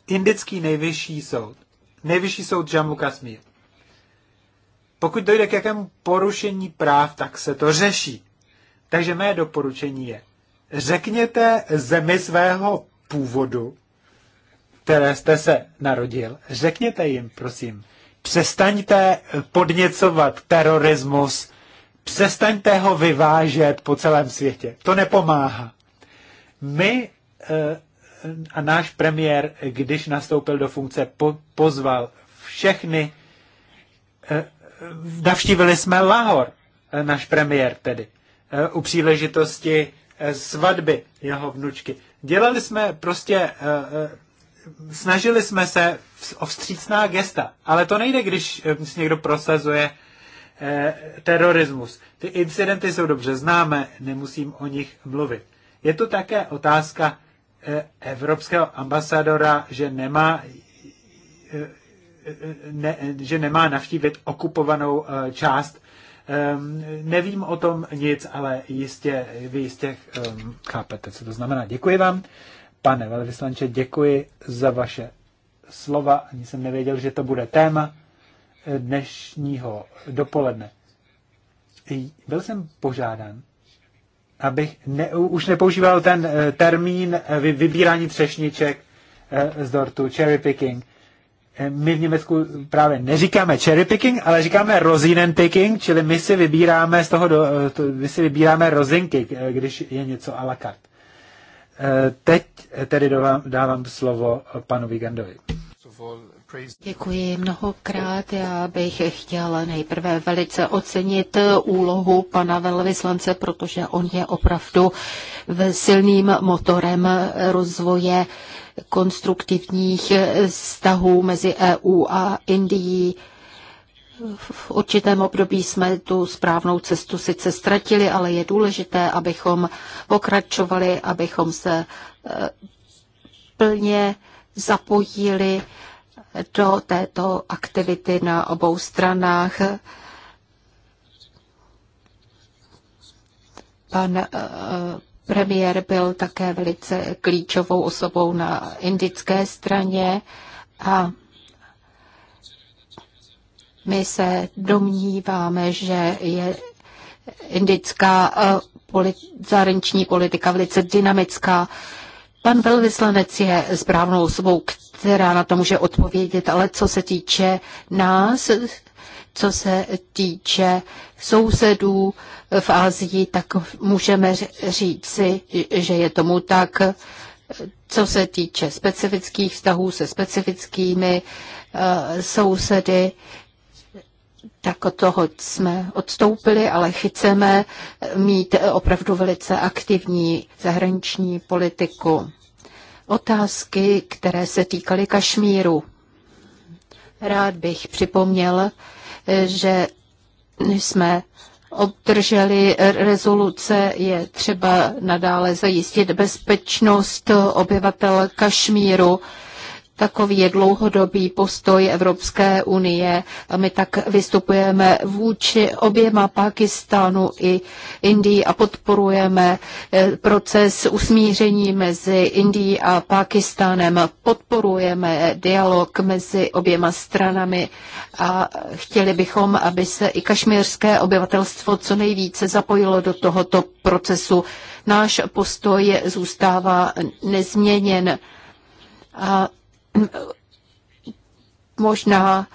indický nejvyšší soud, nejvyšší soud Jammu Kashmir, pokud dojde k jakému porušení práv, tak se to řeší. Takže mé doporučení je, řekněte zemi svého původu, které jste se narodil, řekněte jim, prosím, přestaňte podněcovat terorismus, přestaňte ho vyvážet po celém světě. To nepomáhá. My eh, a náš premiér, když nastoupil do funkce, pozval všechny, eh, navštívili jsme Lahor, eh, náš premiér tedy, u příležitosti svatby jeho vnučky. Dělali jsme prostě snažili jsme se o vstřícná gesta, ale to nejde, eh, když někdo prosazuje eh, terorismus. Ty incidenty jsou dobře známé, nemusím o nich mluvit. Je to také otázka eh, evropského ambasadora, že nemá, eh, eh ne, že nemá navštívit okupovanou eh, část. Um, nevím o tom nic, ale jistě, vy jistě um, chápete, co to znamená. Děkuji vám. Pane velvyslanče, děkuji za vaše slova. Ani jsem nevěděl, že to bude téma dnešního dopoledne. Byl jsem požádán, abych ne, už nepoužíval ten eh, termín eh, vybírání třešniček eh, z dortu, cherry picking. My v Německu právě neříkáme cherry picking, ale říkáme rozinen picking, čili my si vybíráme z toho, do, my si vybíráme rozinky, když je něco a la carte. Eh, teď tedy dávám, dávám slovo panu Vigandovi. Děkuji mnohokrát. Já bych chtěla nejprve velice ocenit úlohu pana velvyslance, protože on je opravdu silným motorem rozvoje konstruktivních vztahů mezi EU a Indií v určitém období jsme tu správnou cestu sice ztratili, ale je důležité, abychom pokračovali, abychom se eh, plně zapojili do této aktivity na obou stranách. Pan eh, premiér byl také velice klíčovou osobou na indické straně a my se domníváme, že je indická eh, polit, zahraniční politika velice dynamická. Pan velvyslanec je správnou osobou, která na to může odpovědět, ale co se týče nás, co se týče sousedů v Ázii, tak můžeme říci, že je tomu tak. Co se týče specifických vztahů se specifickými uh, sousedy, tak od toho jsme odstoupili, ale chceme mít opravdu velice aktivní zahraniční politiku. Otázky, které se týkaly Kašmíru. Rád bych připomněl, že jsme obdrželi rezoluce, je třeba nadále zajistit bezpečnost obyvatel Kašmíru Takový je dlouhodobý postoj Evropské unie. A my tak vystupujeme vůči oběma Pakistánu i Indii a podporujeme eh, proces usmíření mezi Indií a Pakistánem. Podporujeme dialog mezi oběma stranami a chtěli bychom, aby se i kašmírské obyvatelstvo co nejvíce zapojilo do tohoto procesu. Náš postoj zůstává nezměněn. A možná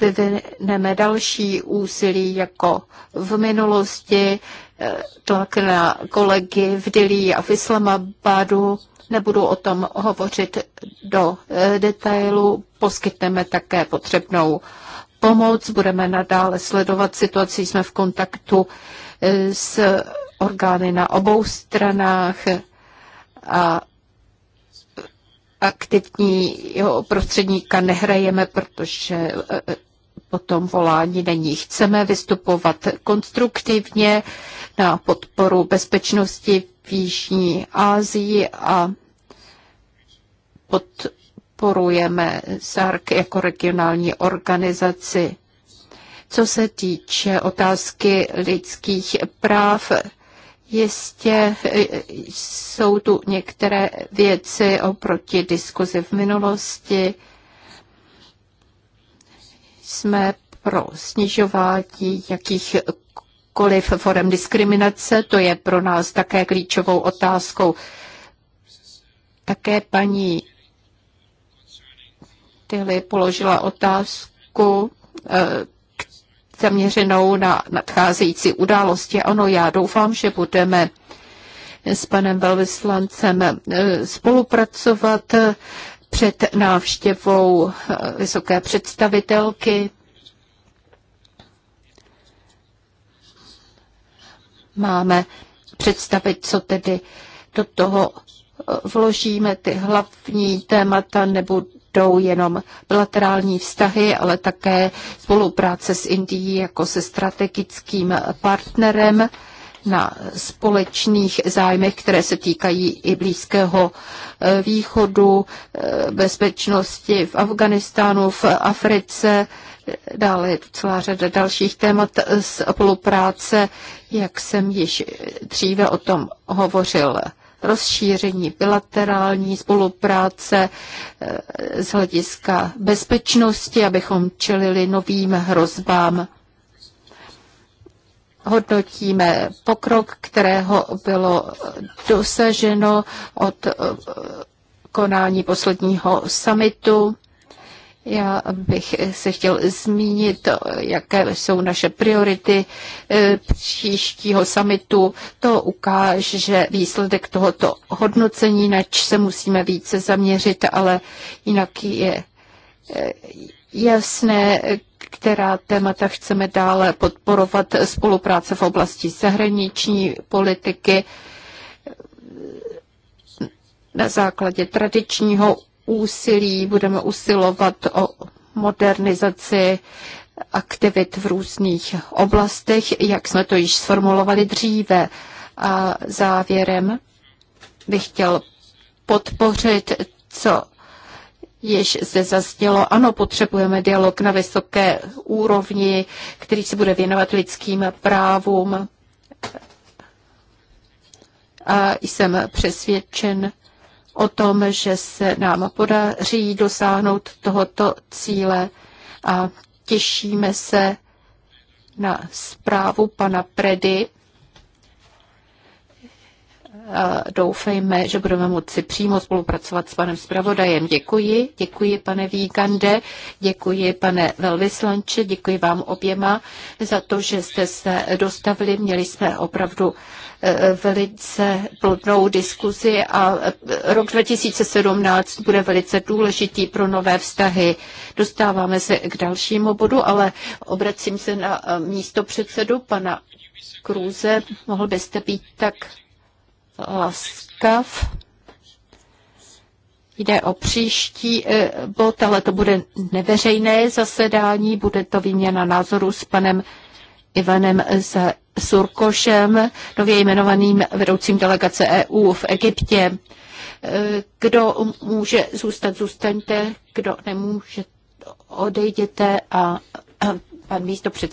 vyvineme další úsilí jako v minulosti, eh, tlak na kolegy v Dilí a v Islamabadu. Nebudu o tom hovořit do eh, detailu. Poskytneme také potřebnou pomoc, budeme nadále sledovat situaci, jsme v kontaktu eh, s orgány na obou stranách a jeho prostředníka nehrajeme, protože e, e, potom volání není. Chceme vystupovat konstruktivně na podporu bezpečnosti v Jižní Asii a podporujeme SARC jako regionální organizaci. Co se týče otázky lidských práv, Jistě eh, jsou tu některé věci oproti diskuzi v minulosti. Jsme pro snižování jakýchkoliv forem diskriminace, to je pro nás také klíčovou otázkou. Také paní Tyli položila otázku eh, zaměřenou na nadcházející události. Ano, já doufám, že budeme s panem velvyslancem eh, spolupracovat eh, před návštěvou eh, vysoké představitelky. Máme představit, co tedy do toho vložíme ty hlavní témata, nebo jdou jenom bilaterální vztahy, ale také spolupráce s Indií jako se strategickým partnerem na společných zájmech, které se týkají i Blízkého eh, východu, eh, bezpečnosti v Afganistánu, v Africe. Dále je tu celá řada dalších témat eh, spolupráce, jak jsem již dříve o tom hovořil rozšíření bilaterální spolupráce eh, z hlediska bezpečnosti, abychom čelili novým hrozbám. Hodnotíme pokrok, kterého bylo dosaženo od eh, konání posledního samitu. Já bych se chtěl zmínit, jaké jsou naše priority eh, příštího samitu. To ukáže že výsledek tohoto hodnocení, nač se musíme více zaměřit, ale jinak je eh, jasné, která témata chceme dále podporovat spolupráce v oblasti zahraniční politiky na základě tradičního úsilí, budeme usilovat o modernizaci aktivit v různých oblastech, jak jsme to již sformulovali dříve. A závěrem bych chtěl podpořit, co již se zaznělo, ano, potřebujeme dialog na vysoké úrovni, který se bude věnovat lidským právům. A jsem přesvědčen, o tom, že se nám podaří dosáhnout tohoto cíle a těšíme se na zprávu pana Predy doufejme, že budeme moci přímo spolupracovat s panem zpravodajem. Děkuji, děkuji pane Víkande, děkuji pane velvyslanče, děkuji vám oběma za to, že jste se dostavili. Měli jsme opravdu e, velice plodnou diskuzi a e, rok 2017 bude velice důležitý pro nové vztahy. Dostáváme se k dalšímu bodu, ale obracím se na e, místo předsedu pana Krůze. Mohl byste být tak laskav. Eh, Jde o příští eh, bod, ale to bude neveřejné zasedání, bude to výměna názoru s panem Ivanem z Surkošem, nově jmenovaným vedoucím delegace EU v Egyptě. Eh, kdo může zůstat, zůstaňte, kdo nemůže, odejděte a pan místo před